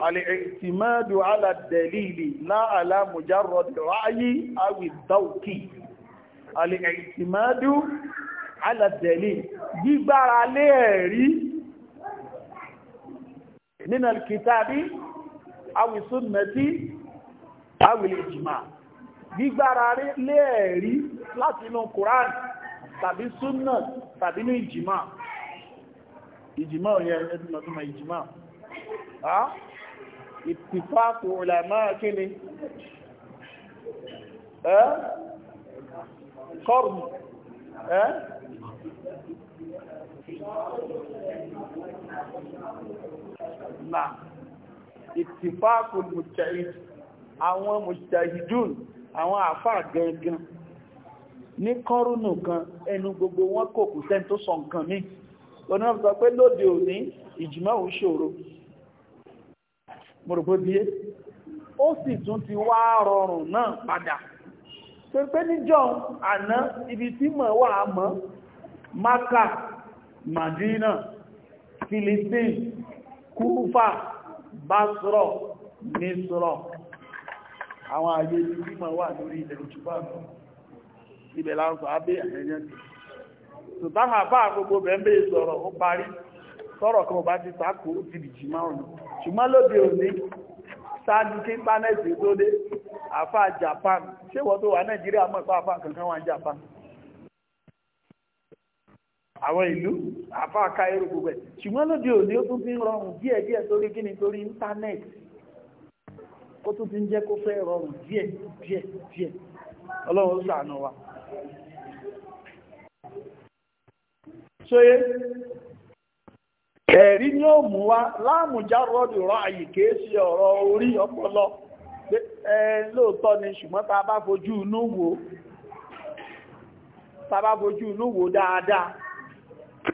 alìtìmọ́dù aládẹ̀lìlì láàlá mùjárọ̀dì ráyí àwìdáòkì alìtìmọ́dù gbígbára lé ẹ̀rí nínú kìtàbí awìsúnnàtí awìlìjìmá gbígbára lé ẹ̀rí láti inú Kùránì tàbí súnnà tàbí ní ìjìmá ìjìmá òyẹ ẹdùnmọ̀túnmọ̀ ìjìmá ìtìfàkù ulama kíni ẹ́ kọrùn ẹ́ na ìtìfáàkù mùtẹ̀hìd àwọn mùtẹ̀hìdùn àwọn àfáà gangan ní kọ́rùnù kan ẹnu gbogbo wọn kò kù sẹ́ni tó sọ nǹkan mí lọ́nà sọ pé lóde òní ìjìmọ̀ ò ṣòro mọ̀rọ̀gbọ́díé ó sì tún ti wá rọrùn náà padà tó pé níjọ́ àná ibi tí mọ̀ wà mọ́ Maka Madina Philippines kúfà básrọ̀ mísrọ̀ àwọn àyè ní mímọ̀ wà lórí ilẹ̀ òjúbà ibẹ̀ láńsọ abẹ́ àyẹyẹn ṣùgbọ́n àbá gbogbo bẹ̀m̀bẹ̀ sọ̀rọ̀ ó parí sọ̀rọ̀ kan bá ti tako ti bìjì márùn ṣùgbọ́n lóde òní sáájú kí pánẹ́ẹ̀tì tó dé àfáà Japan ṣé wọ́n tó wà Nàìjíríà mọ̀ kankan wà Japan àwọn ìlú àfa ká irú gbogbo ẹ̀ ṣùgbọ́n lóde òní ó tún fi ń rọrùn díẹ̀ díẹ̀ torí kíni torí íńtánẹ́ẹ̀tì ó tún fi ń jẹ́ kó fẹ́ rọrùn díẹ̀ díẹ̀ díẹ̀ ọlọ́run ó ṣàánú wa ṣóyé ẹ̀rí ni ó mú wa láàmùjá rọ́dù rọ àyè kìí ṣe ọ̀rọ̀ orí ọpọlọ ẹ lóòótọ́ ni ṣùgbọ́n tá a bá fojú inú wò tá a bá fojú inú wò dáadáa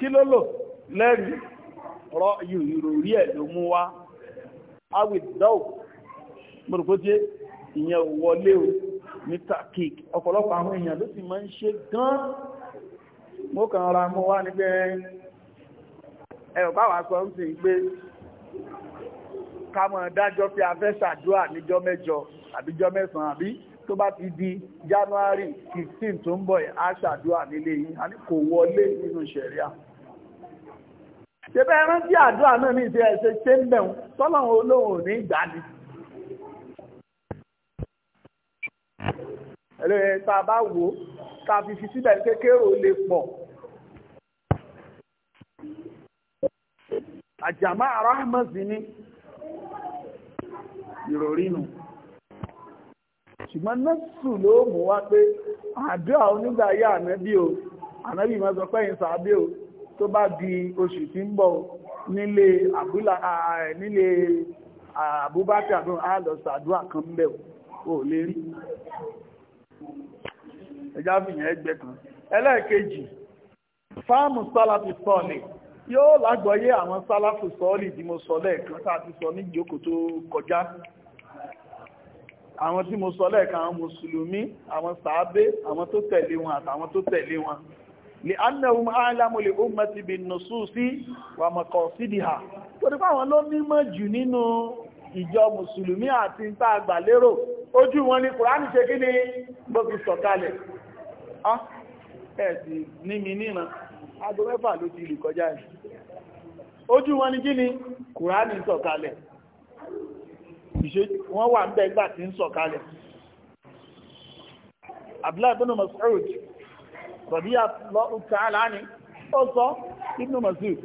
kí ló lò lẹ́rìí rọ ìròrí ẹ̀ ló mú wá awìdáwò mọ̀rọ̀kójé ìyẹn wọlé o ní takik ọ̀pọ̀lọpọ̀ àwọn èèyàn ló sì máa ń ṣe gan mọ́ kàn ra mọ́ wá ní pé ẹ̀rọ báwà sọ ń sì gbé ká mọ̀ dájọ́ pé a ṣàdúrà níjọ́ mẹ́jọ àbíjọ́ mẹ́sàn-án àbí tó bá ti di January 15 tó ń bọ̀ yìí a ṣàdúrà nílé yìí a ní kò wọlé nínú ṣẹ̀ríà ṣebẹ́ ẹran tí àdúrà náà ní ìfẹ́ ẹ̀ṣẹ́ ṣe ń bẹ̀rún tọ́lọ́run olóhùn ní ìgbàdí. ẹlẹ́yìn tá a bá wò ó tá a fi fi síbẹ̀ kékeré ò lè pọ̀. àjàmá aráhàmọ́sí ní ìròrí nù ṣùgbọ́n nọ́ọ̀sù ló mú wá pé àdúrà onígbà yá ànábì o ànábì máa sọ pé ìsàbí o tó bá di oṣù tí ń bọ̀ nílé abu àbúrò àlọ́sàdúà kan bẹ̀ ò lè rí ẹjá fìyàn ẹgbẹ́ kan ẹlẹ́ẹ̀kejì fáàmù sálàfì sọ́ọ̀lì yóò lágbọ́yé àwọn sálàfì sọ́ọ̀lì tí mo sọ lẹ́ẹ̀kan tá a sọ ní ìjókòó tó kọjá àwọn tí mo sọ lẹ́ẹ̀kan àwọn mùsùlùmí àwọn sàábé àwọn tó tẹ̀lé wọn àtàwọn tó tẹ̀lé wọn لأنهم أعلم لأمة بالنصوص ومقاصدها torí fáwọn si nímọ̀ jù nínú ìjọ mùsùlùmí àti ń tàà gbà lérò ojú wọn ni kùránì ṣe kí ni bó fi sọ̀kalẹ̀ ẹ̀sì ní mi níran aago mẹ́fà lo ti lè kọjá ẹ̀ ojú wọn ni kí ni kùránì sọ̀kalẹ̀ wọ́n wà ń bẹ́gbà tí ń sọ̀kalẹ̀ Abdullahi bin Mas'ud rọ̀díyà lọ́ọ̀tàálà ní ó sọ Ibn Mas'ud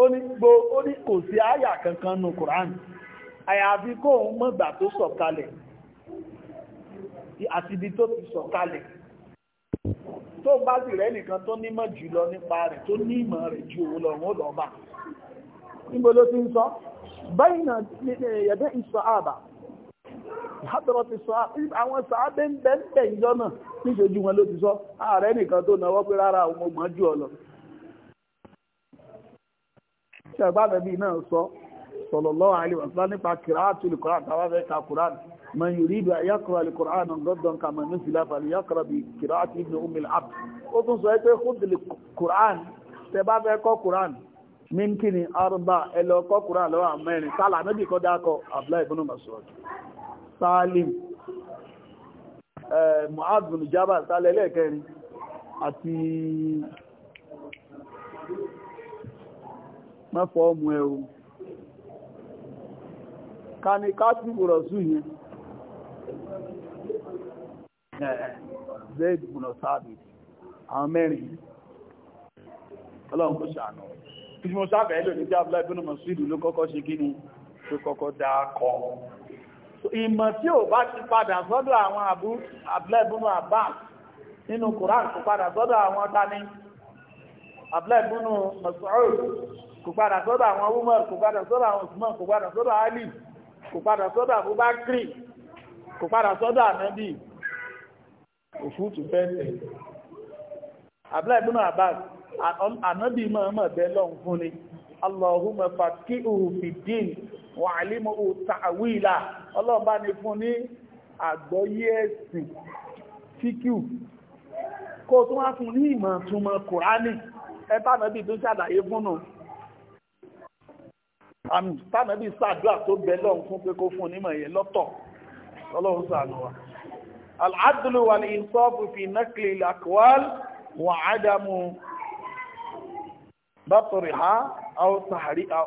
ó ní gbó ó kò sí àyà kankan nù Kùránì àyàfi kó òun mọ́gbà tó sọ̀kalẹ̀ àti ibi tó ti sọ̀kalẹ̀ tó bá sì rẹ̀ nìkan tó nímọ̀ jùlọ nípa rẹ̀ tó ní ìmọ̀ rẹ̀ ju òun lọ òun lọ ti àbẹ̀rọ̀ ti sọ àwọn sàábẹ́ ń bẹ́ ń bẹ̀ ìjọ náà níṣojú wọn ló ti sọ ààrẹ nìkan tó náwó pé rárá òun ọgbọ̀n jù ọ lọ. ṣàgbàbẹ̀bí náà sọ sallallahu alaihi wasallam nípa kìráàtù lùkọ́ràn táwọn fẹ́ ka kùrán man yuridu an yaqra al-Qur'an gọ́dọ̀ nǹkan mọ̀ nífìlà fàlì yaqra bí kìráàtù ibn Umm al-Abd ó tún kùrán lọ́wọ́ àmẹ́rin sálà níbi kọ́ dákọ̀ Abdullahi ibn Mas'ud Salim eh, Mu'adh bin Jabal sálẹ̀ lẹ́ẹ̀kẹrin àti mẹ́fọ́ ọmọ ẹ̀rù kanikati bùrọ̀sù yẹn eh, Zaid bin Sabit àwọn mẹ́rin ọlọ́run kò ṣàánú ìṣmọ̀ sábẹ̀ẹ́lò ní jábláì bínú mọ̀ sí ìlú ló kọ́kọ́ ṣe kí ni tó kọ́kọ́ dáa kọ́ ìmọ̀ tí ò bá ti padà sọ́dọ̀ àwọn àbúlẹ̀bùnú àbá nínú Kùrán kò padà sọ́dọ̀ àwọn tani àbúlẹ̀bùnú Mas'ud kò padà sọ́dọ̀ àwọn Umar kò padà sọ́dọ̀ àwọn Usman kò padà sọ́dọ̀ Ali kò padà sọ́dọ̀ Abubakri kò padà sọ́dọ̀ Ànábì òfútù bẹ́ẹ̀ àbúlẹ̀bùnú àbá Ànábì mọ̀ọ́mọ̀ bẹ́ẹ̀ Allahumma faqihu fid-din wa 'allimhu ta'wila Ọlọ́run bá ní fún ní àgbọ́yé ẹ̀sìn fíkíù kó tún wá fún ní ìmọ̀ túnmọ̀ Kùránì ẹbá mẹ́bí tó ṣàlàyé fúnnù àmì tánàbí sàdúrà tó bẹ lọ́hùn fún pé kó fún nímọ̀ yẹn lọ́tọ̀ lọ́lọ́run ṣàánú wa العدل والإنصاف في نقل الأقوال وعدم بطرها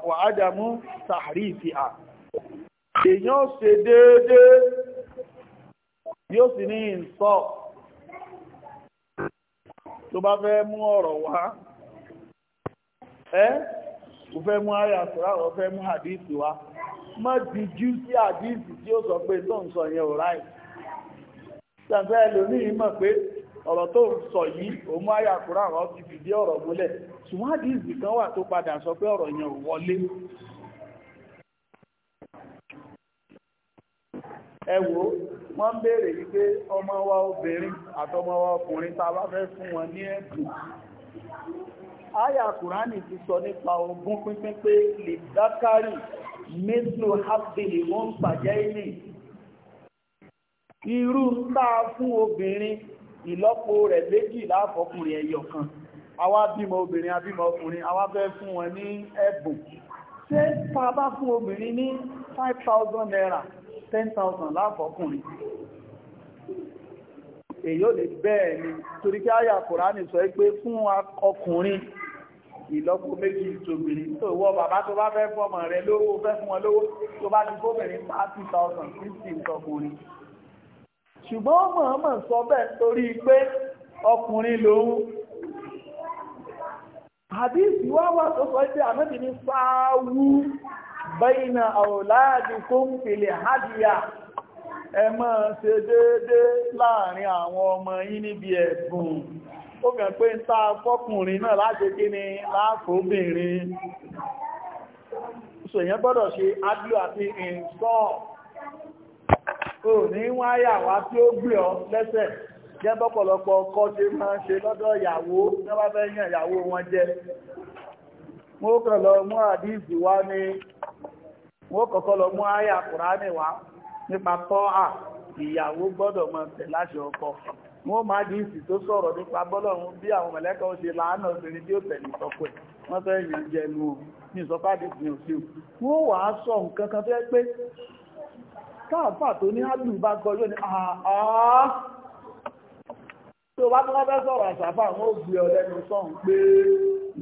wà ádámú sàárì ìfì à èyàn ṣe déédé yóò sì ní ìsọ́ tó bá fẹ́ mú ọ̀rọ̀ wá ẹ́ o fẹ́ mú ayàtọ̀rá o fẹ́ mú àdíìsì wá má dìjú sí àdíìsì tí ó sọ pé tó ń sọ yẹn ò ráì ṣàfẹ́ ẹlòmíì mọ̀ pé ọ̀rọ̀ tó ń sọ yìí mú òun ayàkùrá àwọn ti fìdí ọ̀rọ̀ múlẹ̀ ṣùgbọ́n àdíìsì kan wà tó padà sọ pé ọ̀rọ̀ yẹn ò wọlé ẹ wò wọ́n ń béèrè wípé ọmọ wa obìnrin àtọmọ wa ọkùnrin tá a bá fẹ́ fún wọn ní ẹ̀bùn àyà kùránì ti sọ nípa ogún pínpín pé lè dákárì mẹ́sùn hábìlì wọ́n ń pàjẹ́ ìní irú ń tàá fún obìnrin ìlọ́po rẹ̀ méjì láàfọkùnrin ẹyọ àwa bímọ obìnrin abímọ ọkùnrin àwa fẹ́ fún wọn ní ẹ̀bùn ṣé ta bá fún obìnrin ní 5000 naira 10,000 láfọkùnrin èyí ò lè bẹ́ẹ̀ ni torí kí àyà kòránì sọ pé fún ọkùnrin ìlọ́po méjì ìtòbìnrin tó wọ́ bàbá tó bá fẹ́ fọ́mọ rẹ̀ lówó fẹ́ fún wọn lówó tó bá ti fóbìnrin 30,000 50 ìtọkùnrin ṣùgbọ́n mọ̀ọ́mọ̀ sọ bẹ́ẹ̀ torí pé ọkùnrin lòun àdíìsì wá wà tó sọ pé àmẹ́bì baina sááwú bẹ́yìnà ọ̀láàdì tó ń pèlè hádìyà ẹ máa ṣe déédé láàrin àwọn ọmọ yín níbi ẹ̀bùn ó kàn pé ń ta fọ́kùnrin náà láti kí ni láàfóbìnrin ṣèyàn gbọ́dọ̀ ṣe adúlù àti ìǹsọ́ ò ní wáyà wá tí ó gbé ọ lẹ́sẹ̀ jẹ́ bọ́pọ̀lọpọ̀ ọkọ ṣe máa ń ṣe lọ́dọ̀ ìyàwó tí wọ́n bá fẹ́ yàn ìyàwó wọn jẹ wọ́n kàn lọ mú àdíìsì wá ní wọ́n kọ̀kọ́ lọ mú àyà kùránì wá nípa tọ́ à ìyàwó gbọ́dọ̀ mọ̀ tẹ̀ láṣẹ ọkọ wọ́n máa àdíìsì tó sọ̀rọ̀ nípa bọ́lọ́run bí àwọn mẹ̀lẹ́kọ̀ ṣe láàánà obìnrin tí ó tẹ̀lé sọ́pẹ́ wọ́n fẹ́ yàn jẹ nu ní ìsọpáàdì ní òṣèlú wọ́n wàá sọ nǹkan kan fẹ́ pé káàfà tó ní àdùn bá gọjọ́ ni àà tó bá tún lábẹ́ sọ̀rọ̀ àṣàfà wọn ò gbé ọ lẹ́nu sọ́n pé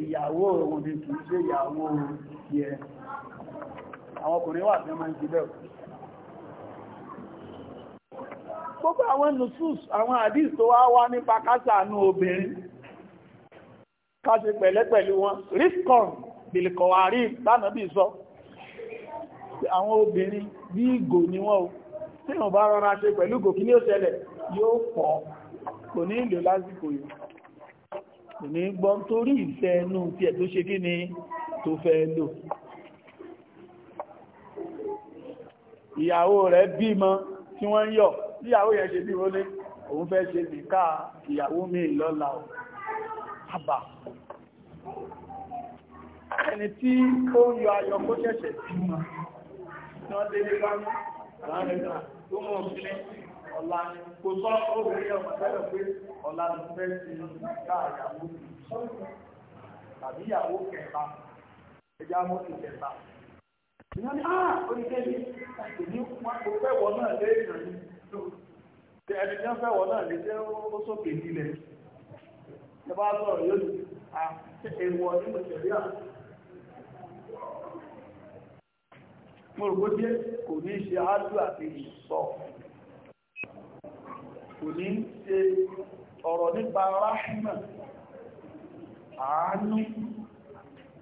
ìyàwó òun ni kìí ṣe ìyàwó yẹ àwọn ọkùnrin wà tí máa ń jibẹ̀ gbogbo àwọn nusus àwọn àdís tó wá wá nípa kásàánú obìnrin ká ṣe pẹ̀lẹ́ pẹ̀lú wọn rifkon bilkọ̀wárí lánàbí sọ àwọn obìnrin bí ìgò ni wọ́n o tí wọ́n bá rọra ṣe pẹ̀lú ìgò kí ni ó ṣẹlẹ̀ yóò pọ̀ kò ní ìlò lásìkò yìí kò ní gbọ́ torí ìfẹ́ inú tí ẹ̀ tó ṣe kí ni tó fẹ́ lò ìyàwó rẹ̀ bímọ tí wọ́n ń yọ̀ tí ìyàwó yẹn ṣe bí ó lé òun fẹ́ ṣe nìká ìyàwó mi lọ́la ọ̀ àbà ẹni tí ó ń yọ ayọ̀ kó ṣẹ̀ṣẹ̀ sí ma tí wọ́n dé ní bá láàrin tó ni kò sọ obìnrin yẹn ọmọ tẹ́lẹ̀ pé ọ̀la ló fẹ́ ṣe ká ìyàwó tàbí ìyàwó kẹta ẹja mọ́ ti kẹta. ìyá ni áà ah, oníkẹ́ni èmi mo fẹ́ wọ náà lé ìrìn tí ẹni tí wọ́n fẹ́ wọ náà lè jẹ́ ó sókè nílẹ̀ ẹ bá sọ̀rọ̀ yóò di ah, èèwọ̀ nínú ìṣẹ̀lẹ̀ à. mo rò pé kò ní ṣe áádùn àti ìsọ kò ní ṣe ọ̀rọ̀ nípa ráhìmà àánú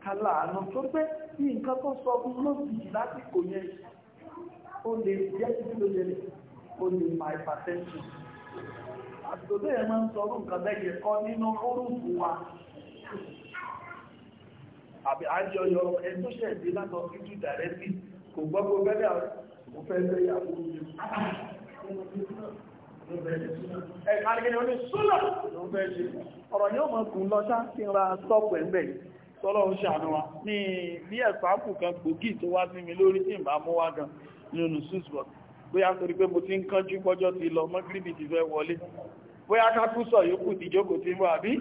kálàánú tó pé ní nǹkan tó sọ fún lóòsì lásìkò yẹn ó lè jẹ́ títí ló yẹ ó lè ma hypertension àtòdó yẹn ń sọ fún nǹkan bẹ́ẹ̀ kọ́ nínú orúkú wa àbí ẹ̀ tó kò gbọ́gbọ́ ọ̀rọ̀ yóò mọ̀ kùn lọ ṣá kí n ra sọ́pù ẹ̀mẹ́ tọ́lọ́run ṣàánú wa ní bí ẹ̀sàápù kan gbòógì tó wá sí mi lórí tí ìbá mú wá gan ní olùsúsùwọ̀ bóyá torí pé mo ti ń kánjú pọ́jọ́ ti lọ mọ́gíríbì ti fẹ́ wọlé bóyá kákú sọ yòókù ti jókòó ti mú àbí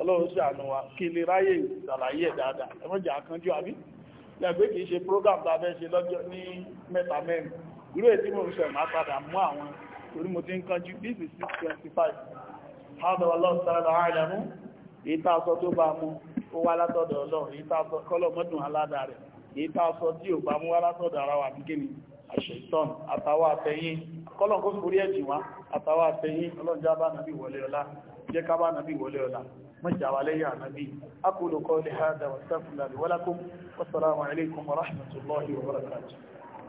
ọlọ́run ṣàánú wa kí lè ráyè ṣàlàyé ẹ̀ dáadáa ẹmọ́jà kánjú àbí yàgbé kìí ṣe program tàbẹ́ ṣe lọ́jọ́ ní mẹ́ta mẹ́rin irú ètí mo ń sọ ìmá padà mú àwọn torí mo ti ń kánjú this is 625 hádọ̀ ọlọ́sàrọ̀ àìlẹ̀mú ìta sọ tó bá mú ó wá látọ̀dọ̀ ọlọ́run ìta sọ kọ́lọ̀ mọ́dún aládà rẹ̀ sọ tí ò bá mú wá látọ̀dọ̀ ara wà